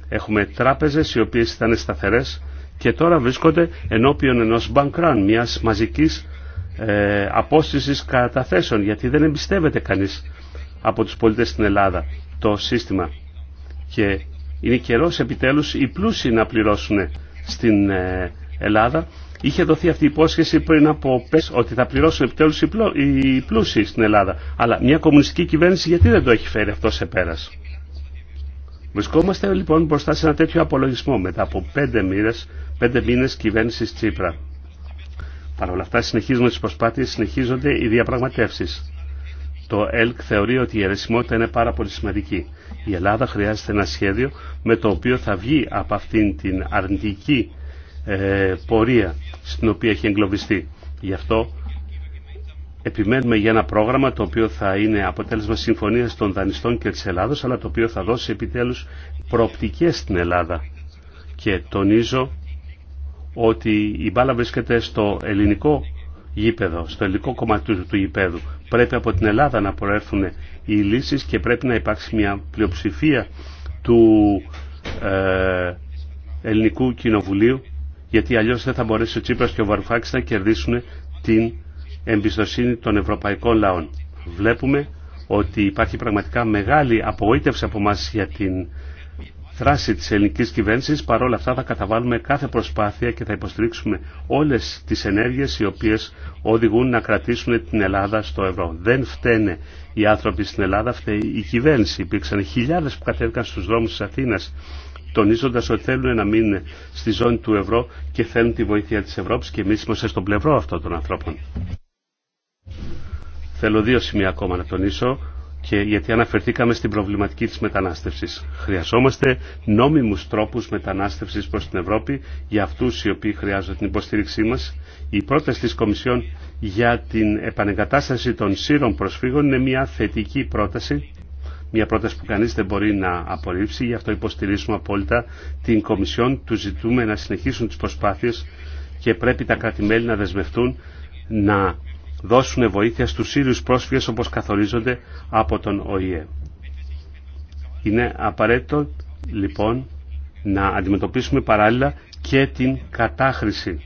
Έχουμε τράπεζες οι οποίες ήταν σταθερές και τώρα βρίσκονται ενώπιον ενός bank run, μιας μαζικής ε, απόστησης καταθέσεων, γιατί δεν εμπιστεύεται κανείς από τους πολίτες στην Ελλάδα το σύστημα. Και είναι καιρός επιτέλους οι πλούσιοι να πληρώσουν στην ε, Ελλάδα. Είχε δοθεί αυτή η υπόσχεση πριν από πες ότι θα πληρώσουν επιτέλους οι πλούσιοι στην Ελλάδα. Αλλά μια κομμουνιστική κυβέρνηση γιατί δεν το έχει φέρει αυτό σε πέρας. Βρισκόμαστε λοιπόν μπροστά σε ένα τέτοιο απολογισμό μετά από πέντε μήνες, πέντε μήνες κυβέρνησης Τσίπρα. Παρ' όλα αυτά συνεχίζουμε τις προσπάθειες, συνεχίζονται οι διαπραγματεύσεις. Το ΕΛΚ θεωρεί ότι η αιρεσιμότητα είναι πάρα πολύ σημαντική. Η Ελλάδα χρειάζεται ένα σχέδιο με το οποίο θα βγει από αυτήν την αρνητική ε, πορεία στην οποία έχει εγκλωβιστεί. Γι' αυτό επιμένουμε για ένα πρόγραμμα το οποίο θα είναι αποτέλεσμα συμφωνίας των δανειστών και της Ελλάδος, αλλά το οποίο θα δώσει επιτέλους προοπτικές στην Ελλάδα. Και τονίζω ότι η μπάλα βρίσκεται στο ελληνικό γήπεδο, στο ελληνικό κομμάτι του γήπεδου. Πρέπει από την Ελλάδα να προέρθουν οι λύσεις και πρέπει να υπάρξει μια πλειοψηφία του ε, ελληνικού κοινοβουλίου, γιατί αλλιώς δεν θα μπορέσει ο Τσίπρας και ο Βαρουφάκης να κερδίσουν την εμπιστοσύνη των ευρωπαϊκών λαών. Βλέπουμε ότι υπάρχει πραγματικά μεγάλη απογοήτευση από εμά για την δράση της ελληνικής κυβέρνησης. Παρ' αυτά θα καταβάλουμε κάθε προσπάθεια και θα υποστηρίξουμε όλες τις ενέργειες οι οποίες οδηγούν να κρατήσουν την Ελλάδα στο ευρώ. Δεν φταίνε οι άνθρωποι στην Ελλάδα, φταίει η κυβέρνηση. Υπήρξαν χιλιάδες που κατέβηκαν στους δρόμους της Αθήνας τονίζοντα ότι θέλουν να μείνουν στη ζώνη του ευρώ και θέλουν τη βοήθεια της Ευρώπης και εμείς είμαστε στον πλευρό αυτών των ανθρώπων. Θέλω δύο σημεία ακόμα να τονίσω και γιατί αναφερθήκαμε στην προβληματική της μετανάστευσης. Χρειαζόμαστε νόμιμους τρόπους μετανάστευσης προς την Ευρώπη για αυτούς οι οποίοι χρειάζονται την υποστήριξή μας. Η πρόταση της Κομισιόν για την επανεγκατάσταση των σύρων προσφύγων είναι μια θετική πρόταση, μια πρόταση που κανείς δεν μπορεί να απορρίψει, γι' αυτό υποστηρίζουμε απόλυτα την Κομισιόν, του ζητούμε να συνεχίσουν τις προσπάθειες και πρέπει τα κράτη-μέλη να δεσμευτούν να δώσουν βοήθεια στους Σύριους πρόσφυγες όπως καθορίζονται από τον ΟΗΕ. Είναι απαραίτητο λοιπόν να αντιμετωπίσουμε παράλληλα και την κατάχρηση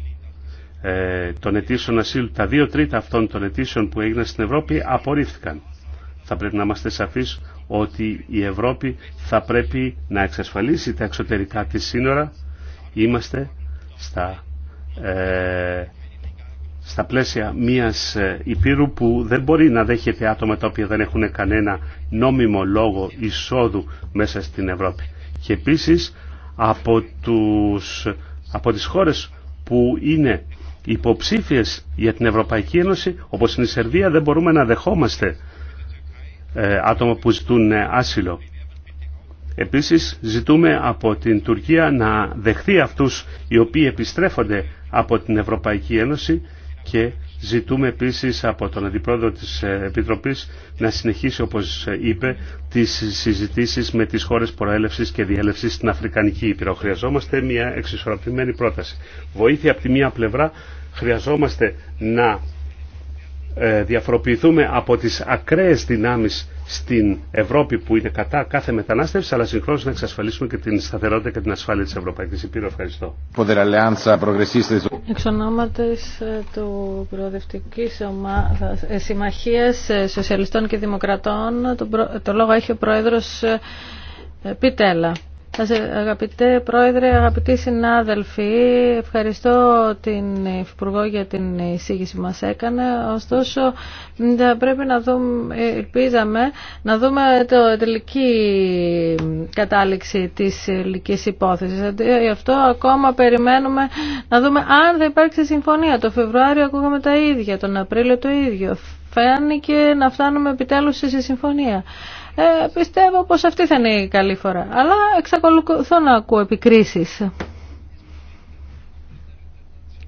ε, των αιτήσεων ασύλου. Τα δύο τρίτα αυτών των αιτήσεων που έγιναν στην Ευρώπη απορρίφθηκαν. Θα πρέπει να είμαστε σαφείς ότι η Ευρώπη θα πρέπει να εξασφαλίσει τα εξωτερικά της σύνορα. Είμαστε στα ε, στα πλαίσια μιας ε, υπήρου που δεν μπορεί να δέχεται άτομα τα οποία δεν έχουν κανένα νόμιμο λόγο εισόδου μέσα στην Ευρώπη. Και επίσης από, τους, από τις χώρες που είναι υποψήφιες για την Ευρωπαϊκή Ένωση, όπως είναι η Σερβία, δεν μπορούμε να δεχόμαστε ε, άτομα που ζητούν ε, άσυλο. Επίσης ζητούμε από την Τουρκία να δεχθεί αυτούς οι οποίοι επιστρέφονται από την Ευρωπαϊκή Ένωση και ζητούμε επίσης από τον Αντιπρόεδρο της ε, Επιτροπής να συνεχίσει όπως ε, είπε τις συζητήσεις με τις χώρες προέλευσης και διέλευσης στην Αφρικανική Ήπειρο. Χρειαζόμαστε μια εξισορροπημένη πρόταση. Βοήθεια από τη μία πλευρά χρειαζόμαστε να ε, διαφοροποιηθούμε από τις ακραίες δυνάμεις στην Ευρώπη που είναι κατά κάθε μετανάστευση, αλλά συγχρόνω να εξασφαλίσουμε και την σταθερότητα και την ασφάλεια τη Ευρωπαϊκή Υπήρου. Ευχαριστώ. Εξ ονόματο ε, του Προοδευτική ε, Συμμαχία ε, Σοσιαλιστών και Δημοκρατών, το λόγο έχει ο Πρόεδρο Πιτέλα. Αγαπητέ Πρόεδρε, αγαπητοί συνάδελφοι, ευχαριστώ την Υφυπουργό για την εισήγηση που μας έκανε. Ωστόσο, πρέπει να δούμε, ελπίζαμε, να δούμε την τελική κατάληξη της λικής υπόθεσης. Ε, γι' αυτό ακόμα περιμένουμε να δούμε αν θα υπάρξει συμφωνία. Το Φεβρουάριο ακούγαμε τα ίδια, τον Απρίλιο το ίδιο. Φαίνηκε να φτάνουμε επιτέλους σε συμφωνία. Ε, πιστεύω πως αυτή θα είναι η καλή φορά. Αλλά εξακολουθώ να ακούω επικρίσεις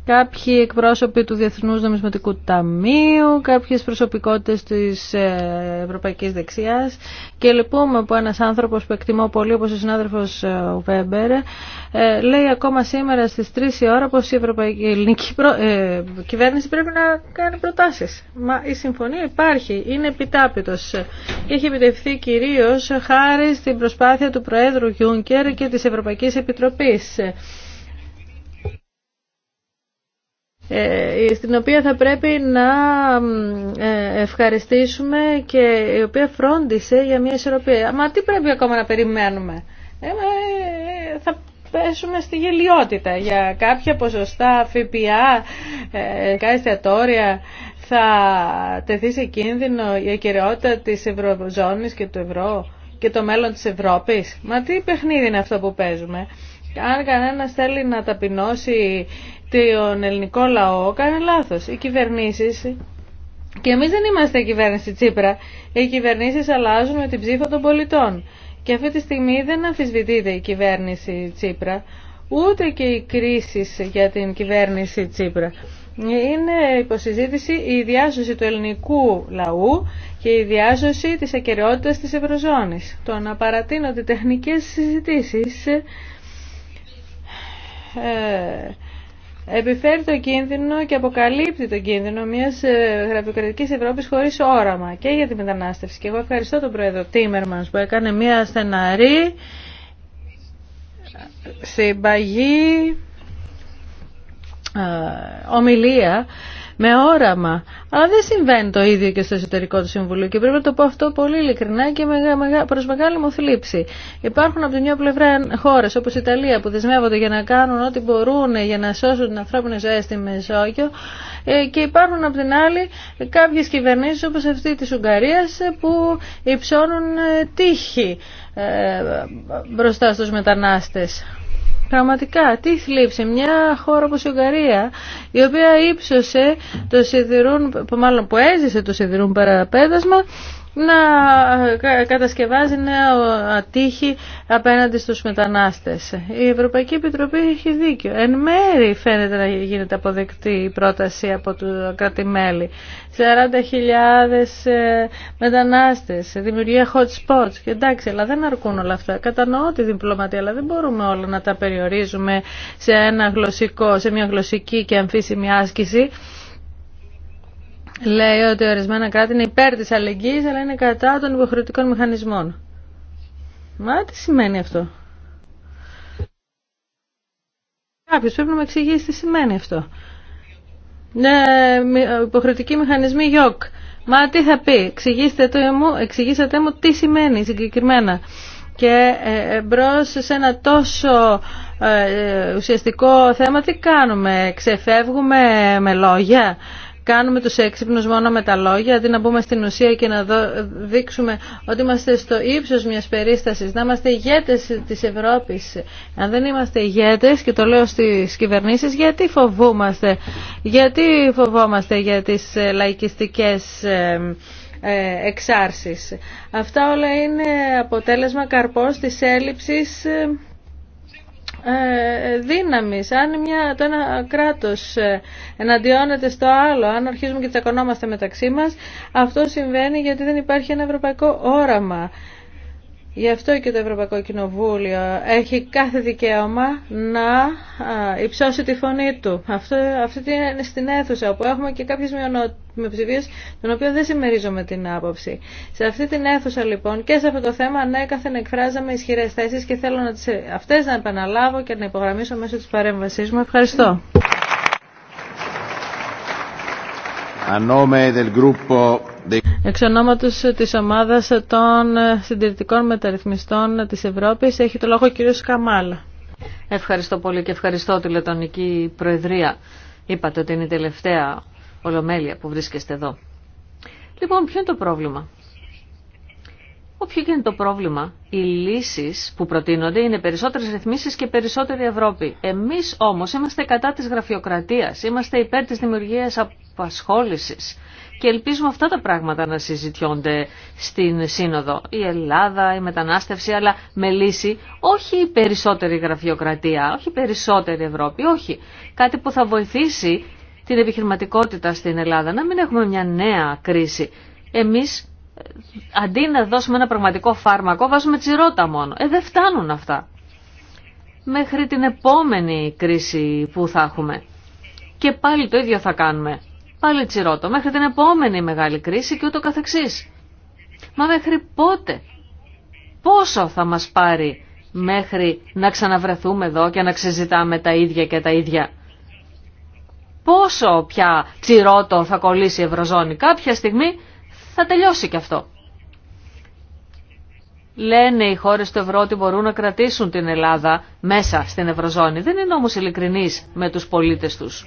κάποιοι εκπρόσωποι του Διεθνούς Νομισματικού Ταμείου, κάποιες προσωπικότητες της ε, Ευρωπαϊκής Δεξιάς και λυπούμε που ένας άνθρωπος που εκτιμώ πολύ όπως ο συνάδελφος ε, Βέμπερ ε, λέει ακόμα σήμερα στις 3 η ώρα πως η, Ευρωπαϊκή, ελληνική προ... κυβέρνηση πρέπει να κάνει προτάσεις. Μα η συμφωνία υπάρχει, είναι επιτάπητος και έχει επιτευχθεί κυρίως χάρη στην προσπάθεια του Προέδρου Γιούνκερ και της Ευρωπαϊκής Επιτροπής. Ε, στην οποία θα πρέπει να ε, ευχαριστήσουμε και η οποία φρόντισε για μια ισορροπία. Μα τι πρέπει ακόμα να περιμένουμε. Ε, ε θα πέσουμε στη γελιότητα για κάποια ποσοστά ΦΠΑ, ε, εστιατόρια, θα τεθεί σε κίνδυνο η ακαιρεότητα της Ευρωζώνης και του ευρώ και το μέλλον της Ευρώπης. Μα τι παιχνίδι είναι αυτό που παίζουμε. Αν κανένα θέλει να ταπεινώσει τον ελληνικό λαό κάνει λάθο, Οι κυβερνήσει. και εμεί δεν είμαστε η κυβέρνηση Τσίπρα, οι κυβερνήσει αλλάζουν με την ψήφα των πολιτών. Και αυτή τη στιγμή δεν αμφισβητείται η κυβέρνηση Τσίπρα, ούτε και οι κρίσεις για την κυβέρνηση Τσίπρα. Είναι υποσυζήτηση η διάσωση του ελληνικού λαού και η διάσωση της ακεραιότητας της Ευρωζώνης. Το να παρατείνονται τεχνικές συζητήσεις... Ε, επιφέρει το κίνδυνο και αποκαλύπτει το κίνδυνο μιας ε, γραφειοκρατική Ευρώπη χωρίς όραμα και για τη μετανάστευση. Και εγώ ευχαριστώ τον Πρόεδρο Τίμερμανς που έκανε μια στεναρή συμπαγή ε, ομιλία με όραμα. Αλλά δεν συμβαίνει το ίδιο και στο εσωτερικό του Συμβουλίου και πρέπει να το πω αυτό πολύ ειλικρινά και προ μεγάλη μου θλίψη. Υπάρχουν από την μια πλευρά χώρε όπω η Ιταλία που δεσμεύονται για να κάνουν ό,τι μπορούν για να σώσουν την ανθρώπινη ζωή στη Μεσόγειο ε, και υπάρχουν από την άλλη κάποιε κυβερνήσει όπω αυτή τη Ουγγαρία που υψώνουν ε, τύχη ε, μπροστά στους μετανάστες. Πραγματικά, τι θλίψε Μια χώρα όπως η Ουγγαρία, η οποία ύψωσε το σιδηρούν, μάλλον που έζησε το σιδηρούν παραπέδασμα, να ε, κατασκευάζει νέα ατύχη απέναντι στους μετανάστες. Η Ευρωπαϊκή Επιτροπή έχει δίκιο. Εν μέρη φαίνεται να γίνεται αποδεκτή η πρόταση από το κράτη-μέλη. 40.000 ε, μετανάστες, δημιουργία hot spots. Και εντάξει, αλλά δεν αρκούν όλα αυτά. Κατανοώ τη διπλωματία, αλλά δεν μπορούμε όλα να τα περιορίζουμε σε, ένα γλωσσικό, σε μια γλωσσική και αμφίσιμη άσκηση. Λέει ότι ορισμένα κράτη είναι υπέρ της αλληλεγγύης, αλλά είναι κατά των υποχρεωτικών μηχανισμών. Μα τι σημαίνει αυτό. Κάποιος πρέπει να με εξηγήσει τι σημαίνει αυτό. Ναι ε, υποχρεωτικοί μηχανισμοί γιόκ. Μα τι θα πει. Εξηγήστε το μου, εξηγήσατε μου τι σημαίνει συγκεκριμένα. Και ε, ε, μπρο σε ένα τόσο ουσιαστικό θέμα τι κάνουμε. Ξεφεύγουμε με λόγια κάνουμε τους έξυπνους μόνο με τα λόγια, αντί να μπούμε στην ουσία και να δείξουμε ότι είμαστε στο ύψος μιας περίστασης, να είμαστε ηγέτες της Ευρώπης. Αν δεν είμαστε ηγέτες, και το λέω στις κυβερνήσεις, γιατί φοβούμαστε, γιατί φοβόμαστε για τις ε, λαϊκιστικές ε, ε, εξάρσεις. Αυτά όλα είναι αποτέλεσμα καρπός της έλλειψης ε, δύναμης. Αν μια, το ένα κράτος ε, εναντιώνεται στο άλλο, αν αρχίζουμε και τσακωνόμαστε μεταξύ μας, αυτό συμβαίνει γιατί δεν υπάρχει ένα ευρωπαϊκό όραμα. Γι' αυτό και το Ευρωπαϊκό Κοινοβούλιο έχει κάθε δικαίωμα να υψώσει τη φωνή του. Αυτό, αυτή είναι στην αίθουσα όπου έχουμε και κάποιες μειοψηφίες των οποίων δεν συμμερίζομαι την άποψη. Σε αυτή την αίθουσα λοιπόν και σε αυτό το θέμα ανέκαθεν ναι, εκφράζαμε ισχυρές θέσεις και θέλω να τις, αυτές να επαναλάβω και να υπογραμμίσω μέσω της παρέμβασής μου. Ευχαριστώ. Εξ ονόματος της ομάδας των συντηρητικών μεταρρυθμιστών της Ευρώπης έχει το λόγο ο κύριος Καμάλ. Ευχαριστώ πολύ και ευχαριστώ τη Λετωνική Προεδρία. Είπατε ότι είναι η τελευταία ολομέλεια που βρίσκεστε εδώ. Λοιπόν, ποιο είναι το πρόβλημα. Όποιο και είναι το πρόβλημα, οι λύσει που προτείνονται είναι περισσότερε ρυθμίσει και περισσότερη Ευρώπη. Εμεί όμω είμαστε κατά τη γραφειοκρατίας, είμαστε υπέρ της δημιουργίας απασχόλησης. Και ελπίζουμε αυτά τα πράγματα να συζητιώνται στην Σύνοδο. Η Ελλάδα, η μετανάστευση, αλλά με λύση όχι περισσότερη γραφειοκρατία, όχι περισσότερη Ευρώπη, όχι. Κάτι που θα βοηθήσει την επιχειρηματικότητα στην Ελλάδα, να μην έχουμε μια νέα κρίση. Εμείς, ε, αντί να δώσουμε ένα πραγματικό φάρμακο, βάζουμε τσιρότα μόνο. Ε, δεν φτάνουν αυτά. Μέχρι την επόμενη κρίση που θα έχουμε. Και πάλι το ίδιο θα κάνουμε πάλι τσιρότο, μέχρι την επόμενη μεγάλη κρίση και ούτω καθεξής. Μα μέχρι πότε, πόσο θα μας πάρει μέχρι να ξαναβρεθούμε εδώ και να ξεζητάμε τα ίδια και τα ίδια. Πόσο πια τσιρότο θα κολλήσει η Ευρωζώνη. Κάποια στιγμή θα τελειώσει και αυτό. Λένε οι χώρες του ευρώ ότι μπορούν να κρατήσουν την Ελλάδα μέσα στην Ευρωζώνη. Δεν είναι όμως ειλικρινείς με τους πολίτες τους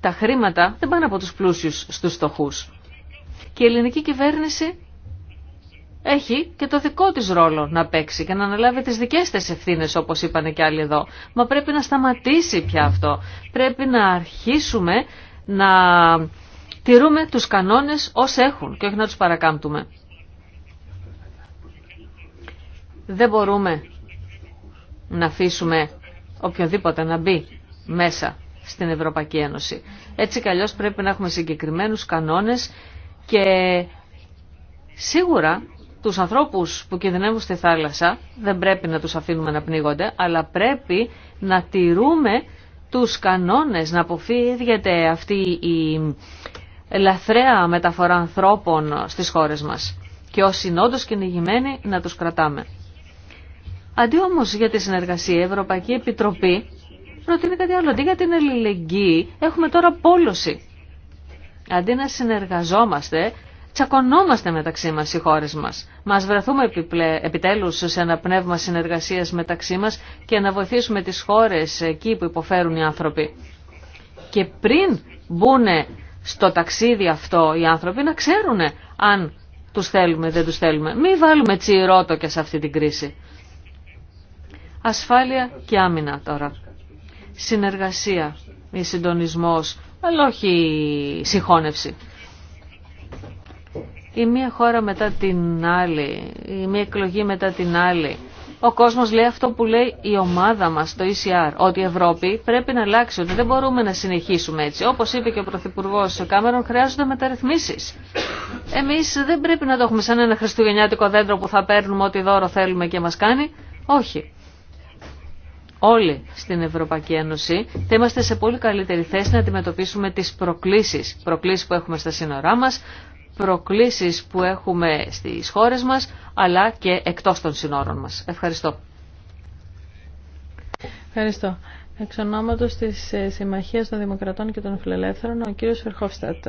τα χρήματα δεν πάνε από τους πλούσιους στους στοχούς. Και η ελληνική κυβέρνηση έχει και το δικό της ρόλο να παίξει και να αναλάβει τις δικές της ευθύνες όπως είπαν και άλλοι εδώ. Μα πρέπει να σταματήσει πια αυτό. Πρέπει να αρχίσουμε να τηρούμε τους κανόνες όσοι έχουν και όχι να τους παρακάμπτουμε. Δεν μπορούμε να αφήσουμε οποιοδήποτε να μπει μέσα στην Ευρωπαϊκή Ένωση. Έτσι καλώς πρέπει να έχουμε συγκεκριμένους κανόνες και σίγουρα τους ανθρώπους που κινδυνεύουν στη θάλασσα δεν πρέπει να τους αφήνουμε να πνίγονται, αλλά πρέπει να τηρούμε τους κανόνες, να αποφύγεται αυτή η λαθρέα μεταφορά ανθρώπων στις χώρες μας και όσοι είναι όντως κυνηγημένοι να τους κρατάμε. Αντί όμως για τη συνεργασία, η Ευρωπαϊκή Επιτροπή προτείνει κάτι άλλο. Αντί για την αλληλεγγύη έχουμε τώρα πόλωση. Αντί να συνεργαζόμαστε, τσακωνόμαστε μεταξύ μας οι χώρες μας. Μας βρεθούμε επιπλέ, επιτέλους σε ένα πνεύμα συνεργασίας μεταξύ μας και να βοηθήσουμε τις χώρες εκεί που υποφέρουν οι άνθρωποι. Και πριν μπουν στο ταξίδι αυτό οι άνθρωποι να ξέρουν αν τους θέλουμε δεν τους θέλουμε. Μην βάλουμε τσιρότο και σε αυτή την κρίση. Ασφάλεια και άμυνα τώρα συνεργασία ή συντονισμός, αλλά όχι συγχώνευση. Η μία χώρα μετά την άλλη, η μία εκλογή μετά την άλλη. Ο κόσμος λέει αυτό που λέει η ομάδα μας, το ECR, ότι η Ευρώπη πρέπει να αλλάξει, ότι δεν μπορούμε να συνεχίσουμε έτσι. Όπως είπε και ο Πρωθυπουργό ο Κάμερον, χρειάζονται μεταρρυθμίσεις. Εμείς δεν πρέπει να το έχουμε σαν ένα χριστουγεννιάτικο δέντρο που θα παίρνουμε ό,τι δώρο θέλουμε και μας κάνει. Όχι όλοι στην Ευρωπαϊκή Ένωση, θα είμαστε σε πολύ καλύτερη θέση να αντιμετωπίσουμε τις προκλήσεις. Προκλήσεις που έχουμε στα σύνορά μας, προκλήσεις που έχουμε στις χώρες μας, αλλά και εκτός των σύνορων μας. Ευχαριστώ. Ευχαριστώ. Εξ ονόματος της ε, Συμμαχίας των Δημοκρατών και των Φιλελεύθερων, ο κύριος Φερχόφστατ.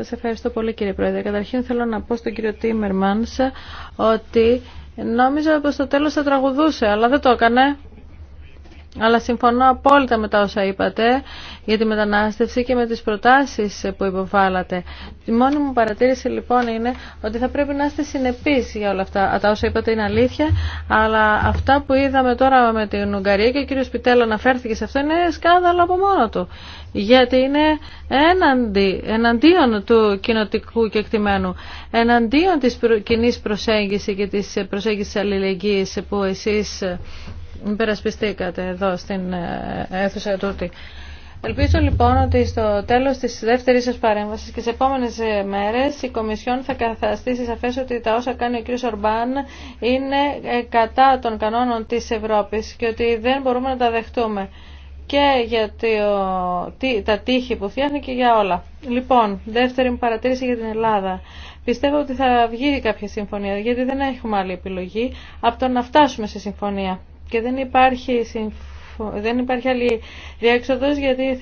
Σα ευχαριστώ πολύ κύριε Πρόεδρε. Καταρχήν θέλω να πω στον κύριο Τίμερμανς ότι νόμιζα πως στο τέλος θα τραγουδούσε, αλλά δεν το έκανε. Αλλά συμφωνώ απόλυτα με τα όσα είπατε για τη μετανάστευση και με τις προτάσεις που υποβάλλατε. Η μόνη μου παρατήρηση λοιπόν είναι ότι θα πρέπει να είστε συνεπείς για όλα αυτά. Τα όσα είπατε είναι αλήθεια, αλλά αυτά που είδαμε τώρα με την Ουγγαρία και ο κύριος Πιτέλο αναφέρθηκε σε αυτό είναι σκάνδαλο από μόνο του. Γιατί είναι έναντι, εναντίον του κοινοτικού κεκτημένου, εναντίον της κοινή προσέγγισης και της προσέγγισης αλληλεγγύης που εσείς υπερασπιστήκατε εδώ στην ε, αίθουσα τούτη. Ελπίζω λοιπόν ότι στο τέλος της δεύτερης σας παρέμβασης και σε επόμενες ε, μέρες η Κομισιόν θα καθαστήσει σαφές ότι τα όσα κάνει ο κ. Ορμπάν είναι ε, κατά των κανόνων της Ευρώπης και ότι δεν μπορούμε να τα δεχτούμε και για τα τείχη που φτιάχνει και για όλα. Λοιπόν, δεύτερη μου παρατήρηση για την Ελλάδα. Πιστεύω ότι θα βγει κάποια συμφωνία, γιατί δεν έχουμε άλλη επιλογή από το να φτάσουμε σε συμφωνία και δεν υπάρχει δεν υπάρχει άλλη διέξοδο γιατί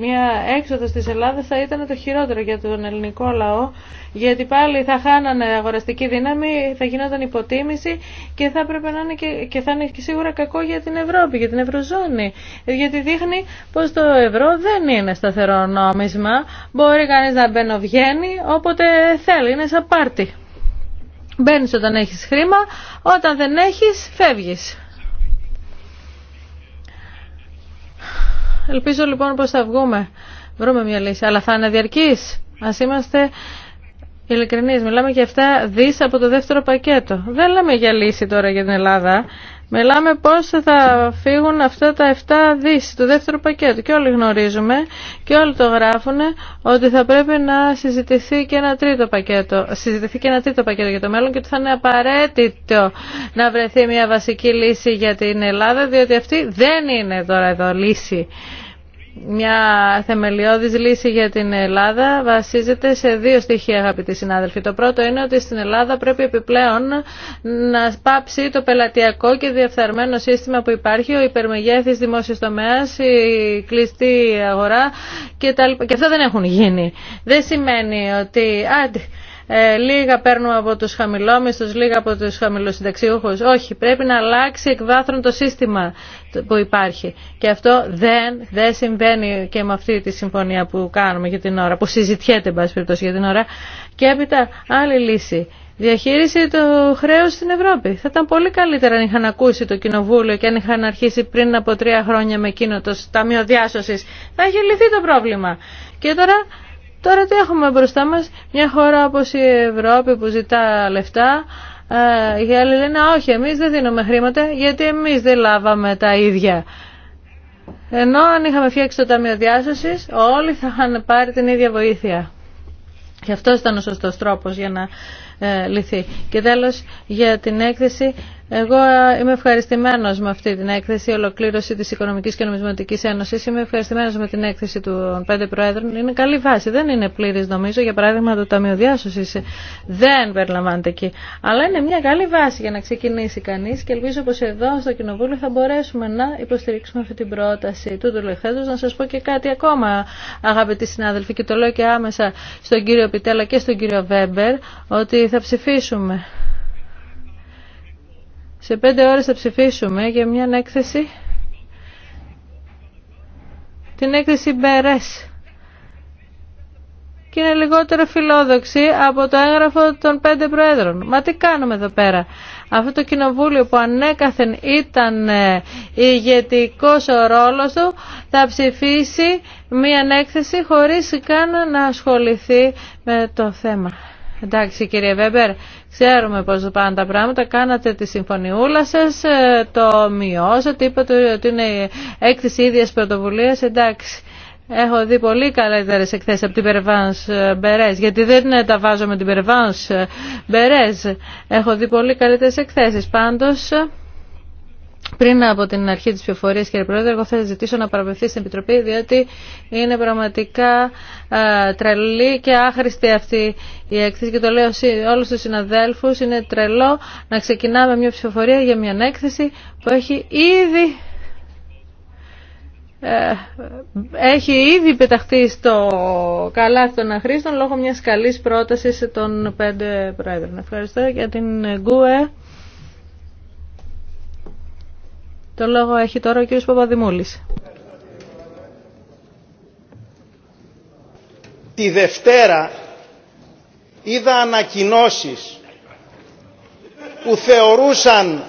μια έξοδο τη Ελλάδα θα ήταν το χειρότερο για τον ελληνικό λαό. Γιατί πάλι θα χάνανε αγοραστική δύναμη, θα γινόταν υποτίμηση και θα έπρεπε να είναι και, και θα είναι και σίγουρα κακό για την Ευρώπη, για την Ευρωζώνη. Γιατί δείχνει πω το ευρώ δεν είναι σταθερό νόμισμα. Μπορεί κανεί να μπαίνει, όποτε θέλει. Είναι σαν πάρτι. Μπαίνει όταν έχει χρήμα, όταν δεν έχει, φεύγει. Ελπίζω λοιπόν πως θα βγούμε. Βρούμε μια λύση. Αλλά θα είναι διαρκής. Ας είμαστε ειλικρινείς. Μιλάμε για αυτά δις από το δεύτερο πακέτο. Δεν λέμε για λύση τώρα για την Ελλάδα. Μιλάμε πώ θα φύγουν αυτά τα 7 δι του δεύτερου πακέτου και όλοι γνωρίζουμε και όλοι το γράφουν ότι θα πρέπει να συζητηθεί και ένα τρίτο πακέτο, συζητηθεί και ένα τρίτο πακέτο για το μέλλον και ότι θα είναι απαραίτητο να βρεθεί μια βασική λύση για την Ελλάδα διότι αυτή δεν είναι τώρα εδώ λύση μια θεμελιώδης λύση για την Ελλάδα βασίζεται σε δύο στοιχεία αγαπητοί συνάδελφοι. Το πρώτο είναι ότι στην Ελλάδα πρέπει επιπλέον να πάψει το πελατειακό και διαφθαρμένο σύστημα που υπάρχει, ο υπερμεγέθης δημόσιος τομέας, η κλειστή αγορά και, τα... και αυτά δεν έχουν γίνει. Δεν σημαίνει ότι... Ε, λίγα παίρνουμε από τους χαμηλόμισθους, λίγα από τους χαμηλοσυνταξιούχους. Όχι, πρέπει να αλλάξει εκβάθρον το σύστημα που υπάρχει. Και αυτό δεν, δεν συμβαίνει και με αυτή τη συμφωνία που κάνουμε για την ώρα, που συζητιέται, εν περιπτώσει, για την ώρα. Και έπειτα άλλη λύση. Διαχείριση του χρέου στην Ευρώπη. Θα ήταν πολύ καλύτερα αν είχαν ακούσει το Κοινοβούλιο και αν είχαν αρχίσει πριν από τρία χρόνια με εκείνο το Ταμείο διάσωση. Θα είχε λυθεί το πρόβλημα. Και τώρα Τώρα τι έχουμε μπροστά μας, μια χώρα όπως η Ευρώπη που ζητά λεφτά, ε, οι άλλοι λένε όχι εμείς δεν δίνουμε χρήματα γιατί εμείς δεν λάβαμε τα ίδια. Ενώ αν είχαμε φτιάξει το Ταμείο Διάσωσης όλοι θα είχαν πάρει την ίδια βοήθεια. Και αυτό ήταν ο σωστός τρόπος για να ε, λυθεί. Και τέλος για την έκθεση. Εγώ ε, είμαι ευχαριστημένο με αυτή την έκθεση, η ολοκλήρωση τη Οικονομική και Νομισματική Ένωση. Είμαι ευχαριστημένο με την έκθεση των πέντε Προέδρων. Είναι καλή βάση, δεν είναι πλήρη νομίζω. Για παράδειγμα, το Ταμείο Διάσωση ε, δεν περιλαμβάνεται εκεί. Αλλά είναι μια καλή βάση για να ξεκινήσει κανεί και ελπίζω πω εδώ στο Κοινοβούλιο θα μπορέσουμε να υποστηρίξουμε αυτή την πρόταση του τουλεχθέντο. Να σα πω και κάτι ακόμα, αγαπητοί συνάδελφοι, και το λέω και άμεσα στον κύριο Πιτέλα και στον κύριο Βέμπερ, ότι θα ψηφίσουμε. Σε πέντε ώρες θα ψηφίσουμε για μια έκθεση. Την έκθεση Μπερές. Και είναι λιγότερο φιλόδοξη από το έγγραφο των πέντε προέδρων. Μα τι κάνουμε εδώ πέρα. Αυτό το κοινοβούλιο που ανέκαθεν ήταν ε, ηγετικός ο ρόλος του θα ψηφίσει μία έκθεση χωρίς καν να ασχοληθεί με το θέμα. Εντάξει κύριε Βέμπερ, ξέρουμε πώς πάνε τα πράγματα, κάνατε τη συμφωνιούλα σας, ε, το μειώσατε, είπατε ότι είναι έκθεση ίδιας πρωτοβουλίας, εντάξει. Έχω δει πολύ καλύτερε εκθέσει από την Περβάνς ε, Μπέρες. γιατί δεν ε, τα βάζω με την Περβάνς Μπέρες; Έχω δει πολύ καλύτερε εκθέσει. Πάντως, πριν από την αρχή της ψηφοφορία, κύριε Πρόεδρε, εγώ θα ζητήσω να παραπευθεί στην Επιτροπή, διότι είναι πραγματικά τρελή και άχρηστη αυτή η έκθεση. Και το λέω όλους τους συναδέλφους, είναι τρελό να ξεκινάμε μια ψηφοφορία για μια έκθεση που έχει ήδη ε, έχει ήδη πεταχτεί στο καλάθι των αχρήστων λόγω μιας καλής πρότασης των πέντε πρόεδρων. Ευχαριστώ για την Γκουε. Το λόγο έχει τώρα ο κύριος Παπαδημούλης. Τη Δευτέρα είδα ανακοινώσεις που θεωρούσαν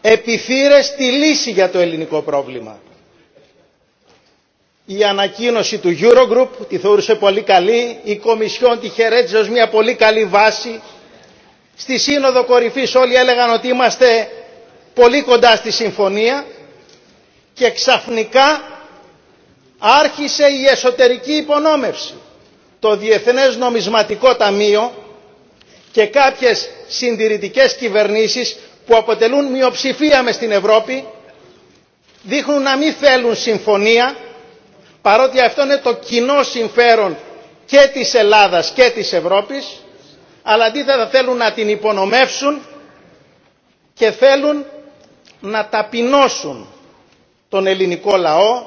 επιθύρες τη λύση για το ελληνικό πρόβλημα. Η ανακοίνωση του Eurogroup τη θεωρούσε πολύ καλή, η Κομισιόν τη χαιρέτησε ως μια πολύ καλή βάση. Στη Σύνοδο Κορυφής όλοι έλεγαν ότι είμαστε πολύ κοντά στη συμφωνία και ξαφνικά άρχισε η εσωτερική υπονόμευση. Το Διεθνές Νομισματικό Ταμείο και κάποιες συντηρητικές κυβερνήσεις που αποτελούν μειοψηφία με στην Ευρώπη δείχνουν να μην θέλουν συμφωνία παρότι αυτό είναι το κοινό συμφέρον και της Ελλάδας και της Ευρώπης αλλά αντίθετα θέλουν να την υπονομεύσουν και θέλουν να ταπεινώσουν τον ελληνικό λαό,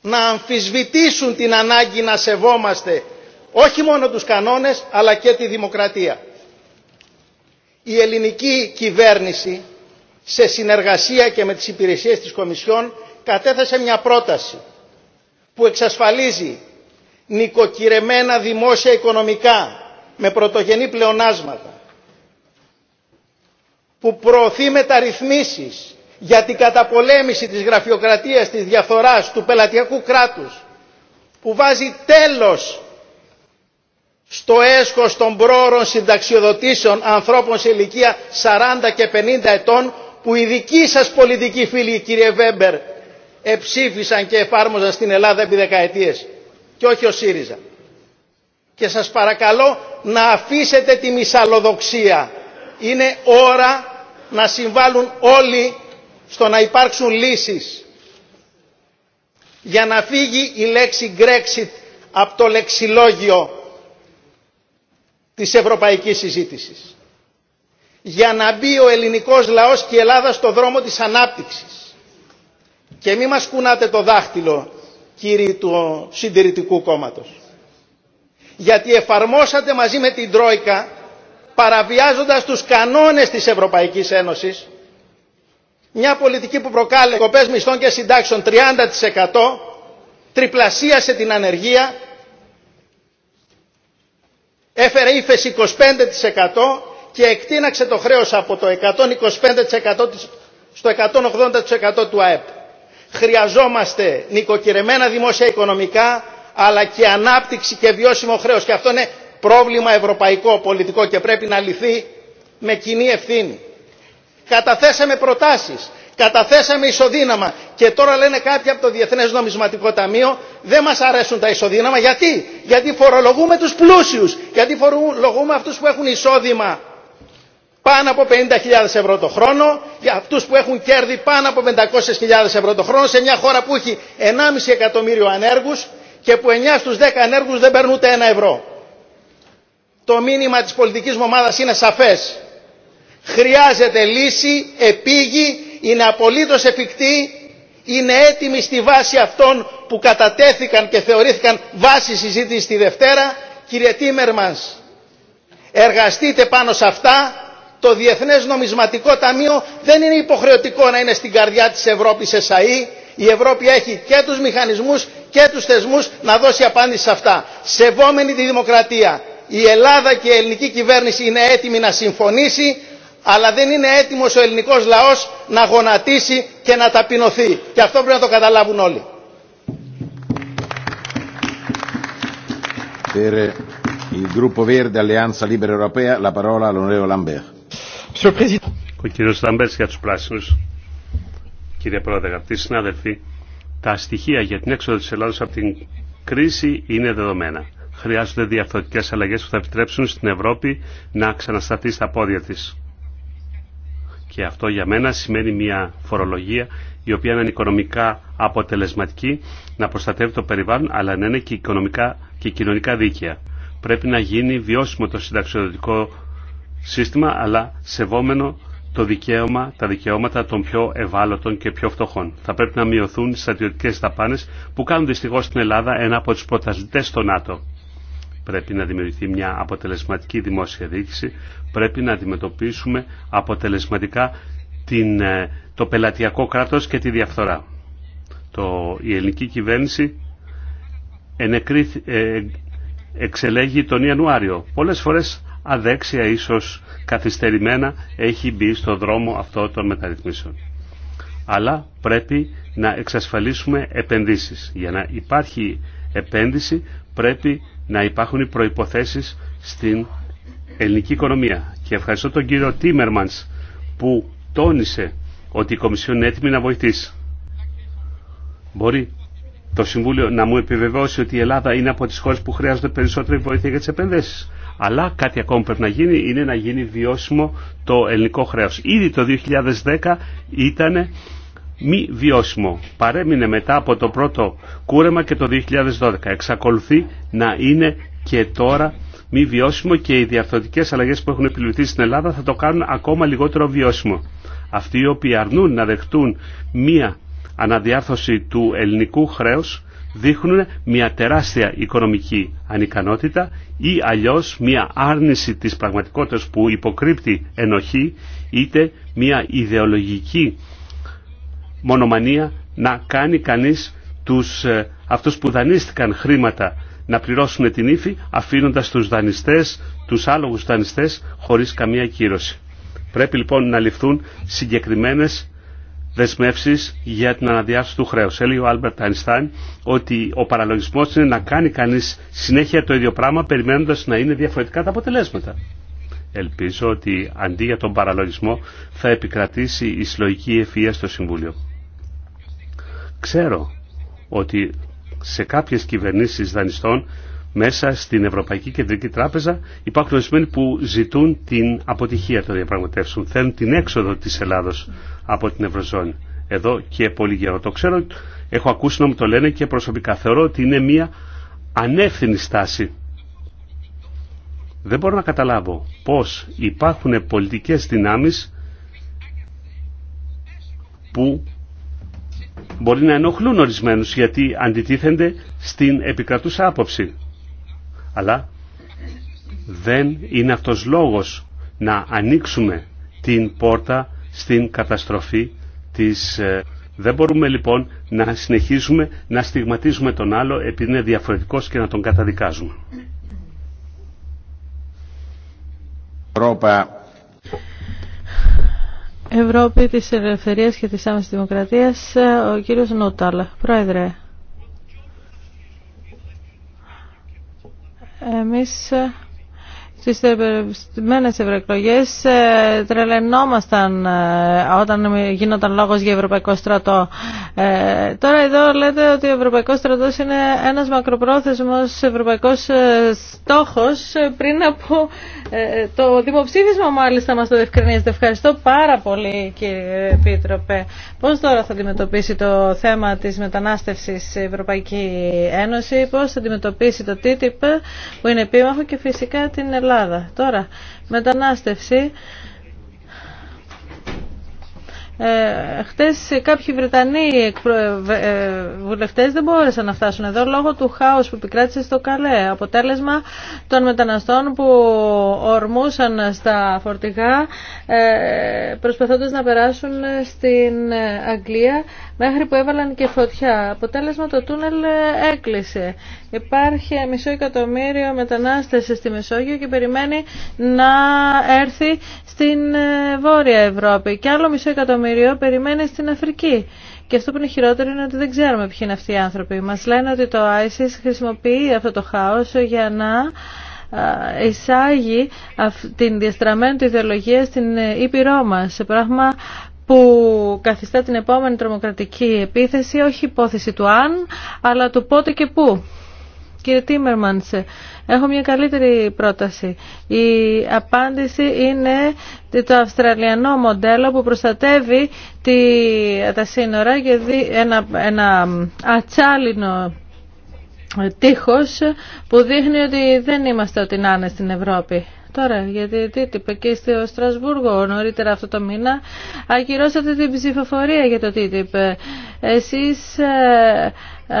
να αμφισβητήσουν την ανάγκη να σεβόμαστε όχι μόνο τους κανόνες αλλά και τη δημοκρατία. Η ελληνική κυβέρνηση σε συνεργασία και με τις υπηρεσίες της Κομισιόν κατέθεσε μια πρόταση που εξασφαλίζει νοικοκυρεμένα δημόσια οικονομικά με πρωτογενή πλεονάσματα που προωθεί μεταρρυθμίσεις για την καταπολέμηση της γραφειοκρατίας, της διαφθοράς, του πελατειακού κράτους, που βάζει τέλος στο έσχος των πρόωρων συνταξιοδοτήσεων ανθρώπων σε ηλικία 40 και 50 ετών, που οι δικοί σας πολιτικοί φίλοι, κύριε Βέμπερ, εψήφισαν και εφάρμοζαν στην Ελλάδα επί δεκαετίες και όχι ο ΣΥΡΙΖΑ. Και σας παρακαλώ να αφήσετε τη μισαλοδοξία, Είναι ώρα να συμβάλλουν όλοι στο να υπάρξουν λύσεις για να φύγει η λέξη Brexit από το λεξιλόγιο της ευρωπαϊκής συζήτησης. Για να μπει ο ελληνικός λαός και η Ελλάδα στο δρόμο της ανάπτυξης. Και μη μας κουνάτε το δάχτυλο, κύριοι του Συντηρητικού Κόμματος. Γιατί εφαρμόσατε μαζί με την Τρόικα παραβιάζοντας τους κανόνες της Ευρωπαϊκής Ένωσης, μια πολιτική που προκάλεσε κοπές μισθών και συντάξεων 30%, τριπλασίασε την ανεργία, έφερε ύφεση 25% και εκτείναξε το χρέος από το 125% στο 180% του ΑΕΠ. Χρειαζόμαστε νοικοκυρεμένα δημόσια οικονομικά, αλλά και ανάπτυξη και βιώσιμο χρέος. Και αυτό είναι πρόβλημα ευρωπαϊκό πολιτικό και πρέπει να λυθεί με κοινή ευθύνη. Καταθέσαμε προτάσεις, καταθέσαμε ισοδύναμα και τώρα λένε κάτι από το Διεθνές Νομισματικό Ταμείο δεν μας αρέσουν τα ισοδύναμα. Γιατί, γιατί φορολογούμε τους πλούσιους, γιατί φορολογούμε αυτούς που έχουν εισόδημα πάνω από 50.000 ευρώ το χρόνο, για αυτούς που έχουν κέρδη πάνω από 500.000 ευρώ το χρόνο, σε μια χώρα που έχει 1,5 εκατομμύριο ανέργους και που 9 στους 10 ανέργους δεν παίρνουν ούτε ένα ευρώ. Το μήνυμα της πολιτικής μου ομάδας είναι σαφές. Χρειάζεται λύση, επίγει, είναι απολύτως εφικτή, είναι έτοιμη στη βάση αυτών που κατατέθηκαν και θεωρήθηκαν βάση συζήτηση τη Δευτέρα. Κύριε Τίμερμανς, εργαστείτε πάνω σε αυτά. Το Διεθνές Νομισματικό Ταμείο δεν είναι υποχρεωτικό να είναι στην καρδιά της Ευρώπης ΕΣΑΗ. E. Η Ευρώπη έχει και τους μηχανισμούς και τους θεσμούς να δώσει απάντηση σε αυτά. Σεβόμενη τη δημοκρατία, η Ελλάδα και η ελληνική κυβέρνηση είναι έτοιμη να συμφωνήσει, αλλά δεν είναι έτοιμος ο ελληνικός λαός να γονατίσει και να ταπεινωθεί. Και αυτό πρέπει να το καταλάβουν όλοι. Ο κύριος Λαμπέρς για τους πράσινους. Κύριε Πρόεδρε, αγαπητοί συνάδελφοι, τα στοιχεία για την έξοδο της Ελλάδας από την κρίση είναι δεδομένα χρειάζονται διαφορετικέ αλλαγέ που θα επιτρέψουν στην Ευρώπη να ξανασταθεί στα πόδια τη. Και αυτό για μένα σημαίνει μια φορολογία η οποία να είναι οικονομικά αποτελεσματική, να προστατεύει το περιβάλλον, αλλά να είναι και οικονομικά και κοινωνικά δίκαια. Πρέπει να γίνει βιώσιμο το συνταξιοδοτικό σύστημα, αλλά σεβόμενο το δικαίωμα, τα δικαιώματα των πιο ευάλωτων και πιο φτωχών. Θα πρέπει να μειωθούν οι στρατιωτικέ δαπάνε που κάνουν δυστυχώ στην Ελλάδα ένα από του πρωταθλητέ στο ΝΑΤΟ. Πρέπει να δημιουργηθεί μια αποτελεσματική δημόσια διοίκηση. Πρέπει να αντιμετωπίσουμε αποτελεσματικά την, ε, το πελατειακό κράτος και τη διαφθορά. Το, η ελληνική κυβέρνηση ε, εξελέγει τον Ιανουάριο. Πολλές φορές αδέξια ίσως καθυστερημένα έχει μπει στο δρόμο αυτό των μεταρρυθμίσεων. Αλλά πρέπει να εξασφαλίσουμε επενδύσεις. Για να υπάρχει επένδυση πρέπει να υπάρχουν οι προϋποθέσεις στην ελληνική οικονομία. Και ευχαριστώ τον κύριο Τίμερμανς που τόνισε ότι η Κομισιόν είναι έτοιμη να βοηθήσει. Μπορεί το Συμβούλιο να μου επιβεβαιώσει ότι η Ελλάδα είναι από τις χώρες που χρειάζονται περισσότερη βοήθεια για τις επενδύσεις. Αλλά κάτι ακόμα πρέπει να γίνει είναι να γίνει βιώσιμο το ελληνικό χρέος. Ήδη το 2010 ήταν μη βιώσιμο. Παρέμεινε μετά από το πρώτο κούρεμα και το 2012. Εξακολουθεί να είναι και τώρα μη βιώσιμο και οι διαρθωτικές αλλαγές που έχουν επιλυθεί στην Ελλάδα θα το κάνουν ακόμα λιγότερο βιώσιμο. Αυτοί οι οποίοι αρνούν να δεχτούν μία αναδιάρθρωση του ελληνικού χρέους δείχνουν μια τεράστια οικονομική ανικανότητα ή αλλιώς μια άρνηση της πραγματικότητας που υποκρύπτει ενοχή είτε μια ιδεολογική μονομανία να κάνει κανείς τους, ε, αυτούς που δανείστηκαν χρήματα να πληρώσουν την ύφη αφήνοντας τους δανειστές, τους άλογους δανειστές χωρίς καμία κύρωση. Πρέπει λοιπόν να ληφθούν συγκεκριμένες δεσμεύσει για την αναδιάρθρωση του χρέου. Έλεγε ο Άλμπερτ Αϊνστάιν ότι ο παραλογισμό είναι να κάνει κανεί συνέχεια το ίδιο πράγμα περιμένοντα να είναι διαφορετικά τα αποτελέσματα. Ελπίζω ότι αντί για τον παραλογισμό θα επικρατήσει η συλλογική ευφυΐα στο Συμβούλιο. Ξέρω ότι σε κάποιες κυβερνήσεις δανειστών μέσα στην Ευρωπαϊκή Κεντρική Τράπεζα υπάρχουν ορισμένοι που ζητούν την αποτυχία των διαπραγματεύσεων, θέλουν την έξοδο της Ελλάδος από την Ευρωζώνη. Εδώ και πολύ καιρό. Το ξέρω, έχω ακούσει να μου το λένε και προσωπικά θεωρώ ότι είναι μια ανεύθυνη στάση. Δεν μπορώ να καταλάβω πώς υπάρχουν πολιτικές δυνάμεις που μπορεί να ενοχλούν ορισμένους γιατί αντιτίθενται στην επικρατούσα άποψη. Αλλά δεν είναι αυτός λόγος να ανοίξουμε την πόρτα στην καταστροφή της... Ε, δεν μπορούμε λοιπόν να συνεχίσουμε, να στιγματίζουμε τον άλλο επειδή είναι διαφορετικός και να τον καταδικάζουμε. Ευρώπη της Ελευθερίας και της Άμεσης Δημοκρατίας, ο κύριος Νούταλ. Πρόεδρε, στις ε, τελευταίες ευρωεκλογές ε, τρελαινόμασταν ε, όταν γίνονταν λόγος για Ευρωπαϊκό στρατό. Τώρα εδώ λέτε ότι ο Ευρωπαϊκός στρατός είναι ένας μακροπρόθεσμος ευρωπαϊκός στόχος πριν από το δημοψήφισμα μάλιστα μας το διευκρινίζετε. Ευχαριστώ πάρα πολύ κύριε Πίτροπε. Πώς τώρα θα αντιμετωπίσει το θέμα της μετανάστευσης η Ευρωπαϊκή Ένωση, πώς θα αντιμετωπίσει το TTIP που είναι επίμαχο και φυσικά την Ελλάδα Τώρα, μετανάστευση. Ε, χτες κάποιοι Βρετανοί ε, ε, βουλευτές δεν μπόρεσαν να φτάσουν εδώ λόγω του χάους που επικράτησε στο Καλέ. Αποτέλεσμα των μεταναστών που ορμούσαν στα φορτηγά ε, προσπαθώντας να περάσουν στην Αγγλία μέχρι που έβαλαν και φωτιά. Αποτέλεσμα το τούνελ έκλεισε Υπάρχει μισό εκατομμύριο μετανάστες στη Μεσόγειο και περιμένει να έρθει στην ε, Βόρεια Ευρώπη. Και άλλο μισό εκατομμύριο περιμένει στην Αφρική. Και αυτό που είναι χειρότερο είναι ότι δεν ξέρουμε ποιοι είναι αυτοί οι άνθρωποι. Μας λένε ότι το ISIS χρησιμοποιεί αυτό το χάος για να ε, εισάγει την διαστραμμένη του ιδεολογία στην ε, Ήπειρό μας, σε πράγμα που καθιστά την επόμενη τρομοκρατική επίθεση όχι υπόθεση του αν, αλλά του πότε και πού. Κύριε Τίμερμαντς, έχω μια καλύτερη πρόταση. Η απάντηση είναι το αυστραλιανό μοντέλο που προστατεύει τη, τα σύνορα και ένα, ένα ατσάλινο τείχος που δείχνει ότι δεν είμαστε ό,τι να είναι στην Ευρώπη. Τώρα, γιατί τι είπε και στο Στρασβούργο νωρίτερα αυτό το μήνα, ακυρώσατε την ψηφοφορία για το είπε. Εσείς ε, ε,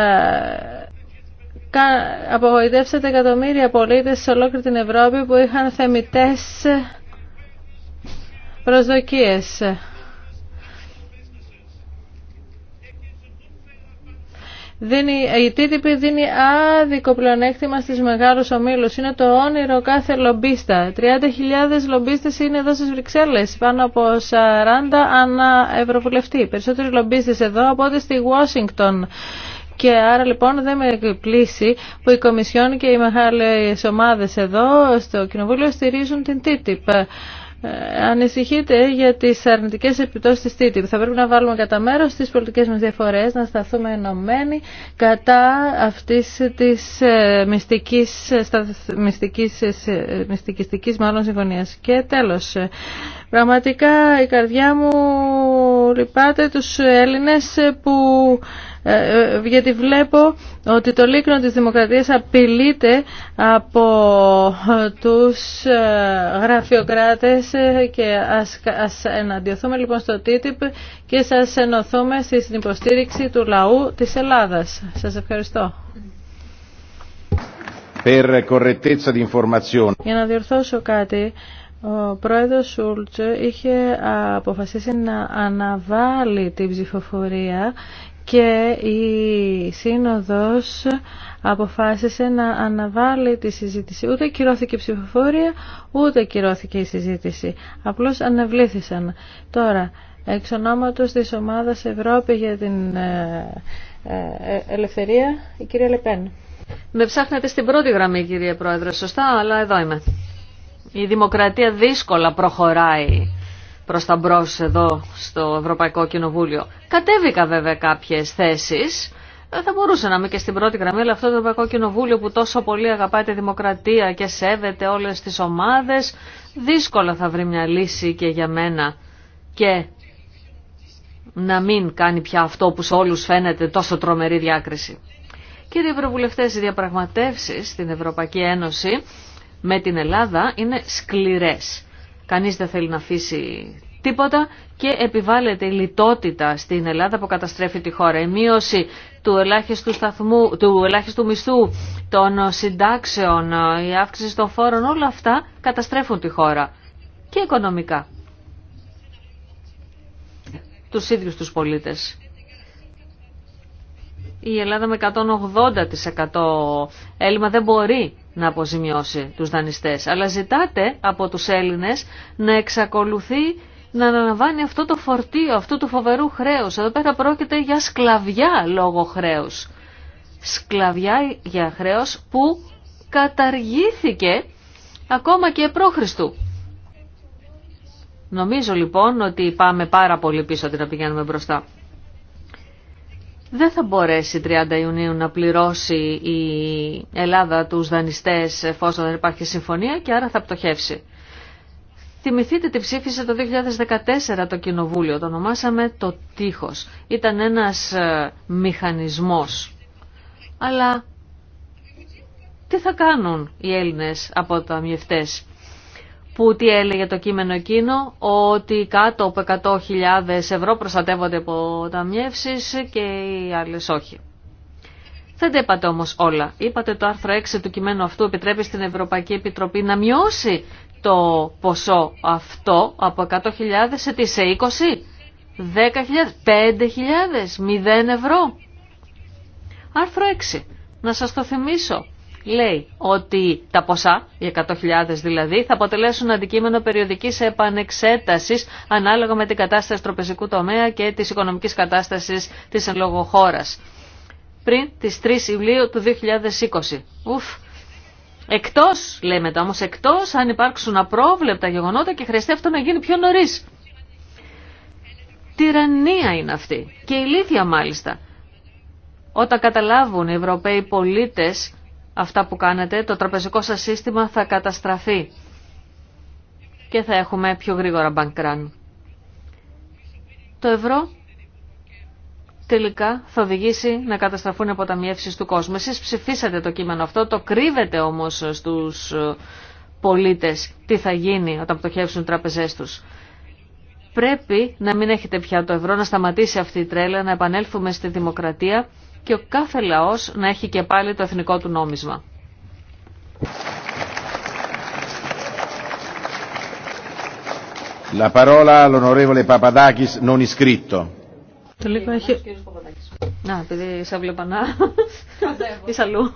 απογοητεύσατε εκατομμύρια πολίτες σε ολόκληρη την Ευρώπη που είχαν θεμητές προσδοκίες. Δίνει, η TTIP δίνει άδικο πλεονέκτημα στις μεγάλους ομίλους. Είναι το όνειρο κάθε λομπίστα. 30.000 λομπίστες είναι εδώ στις Βρυξέλλες, πάνω από 40 ανά ευρωβουλευτή. Περισσότεροι λομπίστες εδώ από ό,τι στη Ουάσιγκτον. Και άρα λοιπόν δεν με πλήσει που η Κομισιόν και οι μεγάλες ομάδες εδώ στο Κοινοβούλιο στηρίζουν την TTIP. Ε, ανησυχείτε για τις αρνητικές επιπτώσεις της TTIP. Θα πρέπει να βάλουμε κατά μέρο τις πολιτικές μας διαφορές, να σταθούμε ενωμένοι κατά αυτής της ε, μυστικής, ε, μυστικής, μυστικιστικής συμφωνίας. Και τέλος, πραγματικά η καρδιά μου λυπάται τους Έλληνες που γιατί βλέπω ότι το λίκνο της δημοκρατίας απειλείται από τους γραφειοκράτες και ας, ας εναντιωθούμε λοιπόν στο TTIP και σας ενωθούμε στην υποστήριξη του λαού της Ελλάδας. Σας ευχαριστώ. Για να διορθώσω κάτι, ο πρόεδρος Σούλτς είχε αποφασίσει να αναβάλει την ψηφοφορία και η σύνοδος αποφάσισε να αναβάλει τη συζήτηση. Ούτε κυρώθηκε η ψηφοφόρια, ούτε κυρώθηκε η συζήτηση. Απλώς αναβλήθησαν. Τώρα, εξ ονόματος της ομάδας Ευρώπη για την ε, ε, ε, ελευθερία, η κυρία Λεπέν. Με ψάχνετε στην πρώτη γραμμή, κύριε Πρόεδρε, σωστά, αλλά εδώ είμαι. Η δημοκρατία δύσκολα προχωράει προς τα μπρος εδώ στο Ευρωπαϊκό Κοινοβούλιο. Κατέβηκα βέβαια κάποιες θέσεις ε, θα μπορούσε να είμαι και στην πρώτη γραμμή, αλλά αυτό το Ευρωπαϊκό Κοινοβούλιο που τόσο πολύ αγαπάει τη δημοκρατία και σέβεται όλες τις ομάδες, δύσκολα θα βρει μια λύση και για μένα και να μην κάνει πια αυτό που σε όλους φαίνεται τόσο τρομερή διάκριση. Κύριε Ευρωβουλευτές, οι διαπραγματεύσεις στην Ευρωπαϊκή Ένωση με την Ελλάδα είναι σκληρές. Κανείς δεν θέλει να αφήσει τίποτα και επιβάλλεται η λιτότητα στην Ελλάδα που καταστρέφει τη χώρα. Η μείωση του ελάχιστου, σταθμού, του ελάχιστου μισθού, των συντάξεων, η αύξηση των φόρων, όλα αυτά καταστρέφουν τη χώρα και οικονομικά τους ίδιους τους πολίτες. Η Ελλάδα με 180% έλλειμμα δεν μπορεί να αποζημιώσει τους δανειστές. Αλλά ζητάτε από τους Έλληνες να εξακολουθεί να αναλαμβάνει αυτό το φορτίο, αυτού του φοβερού χρέους. Εδώ πέρα πρόκειται για σκλαβιά λόγω χρέους. Σκλαβιά για χρέος που καταργήθηκε ακόμα και πρόχριστου. Νομίζω λοιπόν ότι πάμε πάρα πολύ πίσω ότι να πηγαίνουμε μπροστά. Δεν θα μπορέσει 30 Ιουνίου να πληρώσει η Ελλάδα τους δανειστές εφόσον δεν υπάρχει συμφωνία και άρα θα πτωχεύσει. Θυμηθείτε τι ψήφισε το 2014 το Κοινοβούλιο, το ονομάσαμε το τείχος. Ήταν ένας ε, μηχανισμός. Αλλά τι θα κάνουν οι Έλληνες από τα μιευτές που τι έλεγε το κείμενο εκείνο, ότι κάτω από 100.000 ευρώ προστατεύονται από τα μιεύσεις και οι άλλες όχι. Δεν τα είπατε όμως όλα. Είπατε το άρθρο 6 του κειμένου αυτού επιτρέπει στην Ευρωπαϊκή Επιτροπή να μειώσει το ποσό αυτό από 100.000 σε τι, σε 20, 10.000, 5.000, 0 ευρώ. Άρθρο 6. Να σας το θυμίσω. Λέει ότι τα ποσά, οι 100.000 δηλαδή, θα αποτελέσουν αντικείμενο περιοδικής επανεξέτασης ανάλογα με την κατάσταση τροπεζικού τομέα και της οικονομικής κατάστασης της εν λόγω χώρας πριν τις 3 Ιουλίου του 2020. Ουφ, Εκτός, λέμε τα, όμως, εκτός αν υπάρξουν απρόβλεπτα γεγονότα και χρειαστεί αυτό να γίνει πιο νωρίς. Τυραννία είναι αυτή και ηλίθια μάλιστα. Όταν καταλάβουν οι Ευρωπαίοι πολίτες αυτά που κάνετε, το τραπεζικό σας σύστημα θα καταστραφεί και θα έχουμε πιο γρήγορα bank run. Το ευρώ τελικά θα οδηγήσει να καταστραφούν οι αποταμιεύσεις του κόσμου. Εσείς ψηφίσατε το κείμενο αυτό, το κρύβετε όμως στους πολίτες τι θα γίνει όταν πτωχεύσουν οι τραπεζές τους. Πρέπει να μην έχετε πια το ευρώ, να σταματήσει αυτή η τρέλα, να επανέλθουμε στη δημοκρατία και ο κάθε λαός να έχει και πάλι το εθνικό του νόμισμα. La parola all'onorevole Papadakis non iscritto. Το λίγο έχει... Να, επειδή σε βλέπα να... Είσαι αλλού.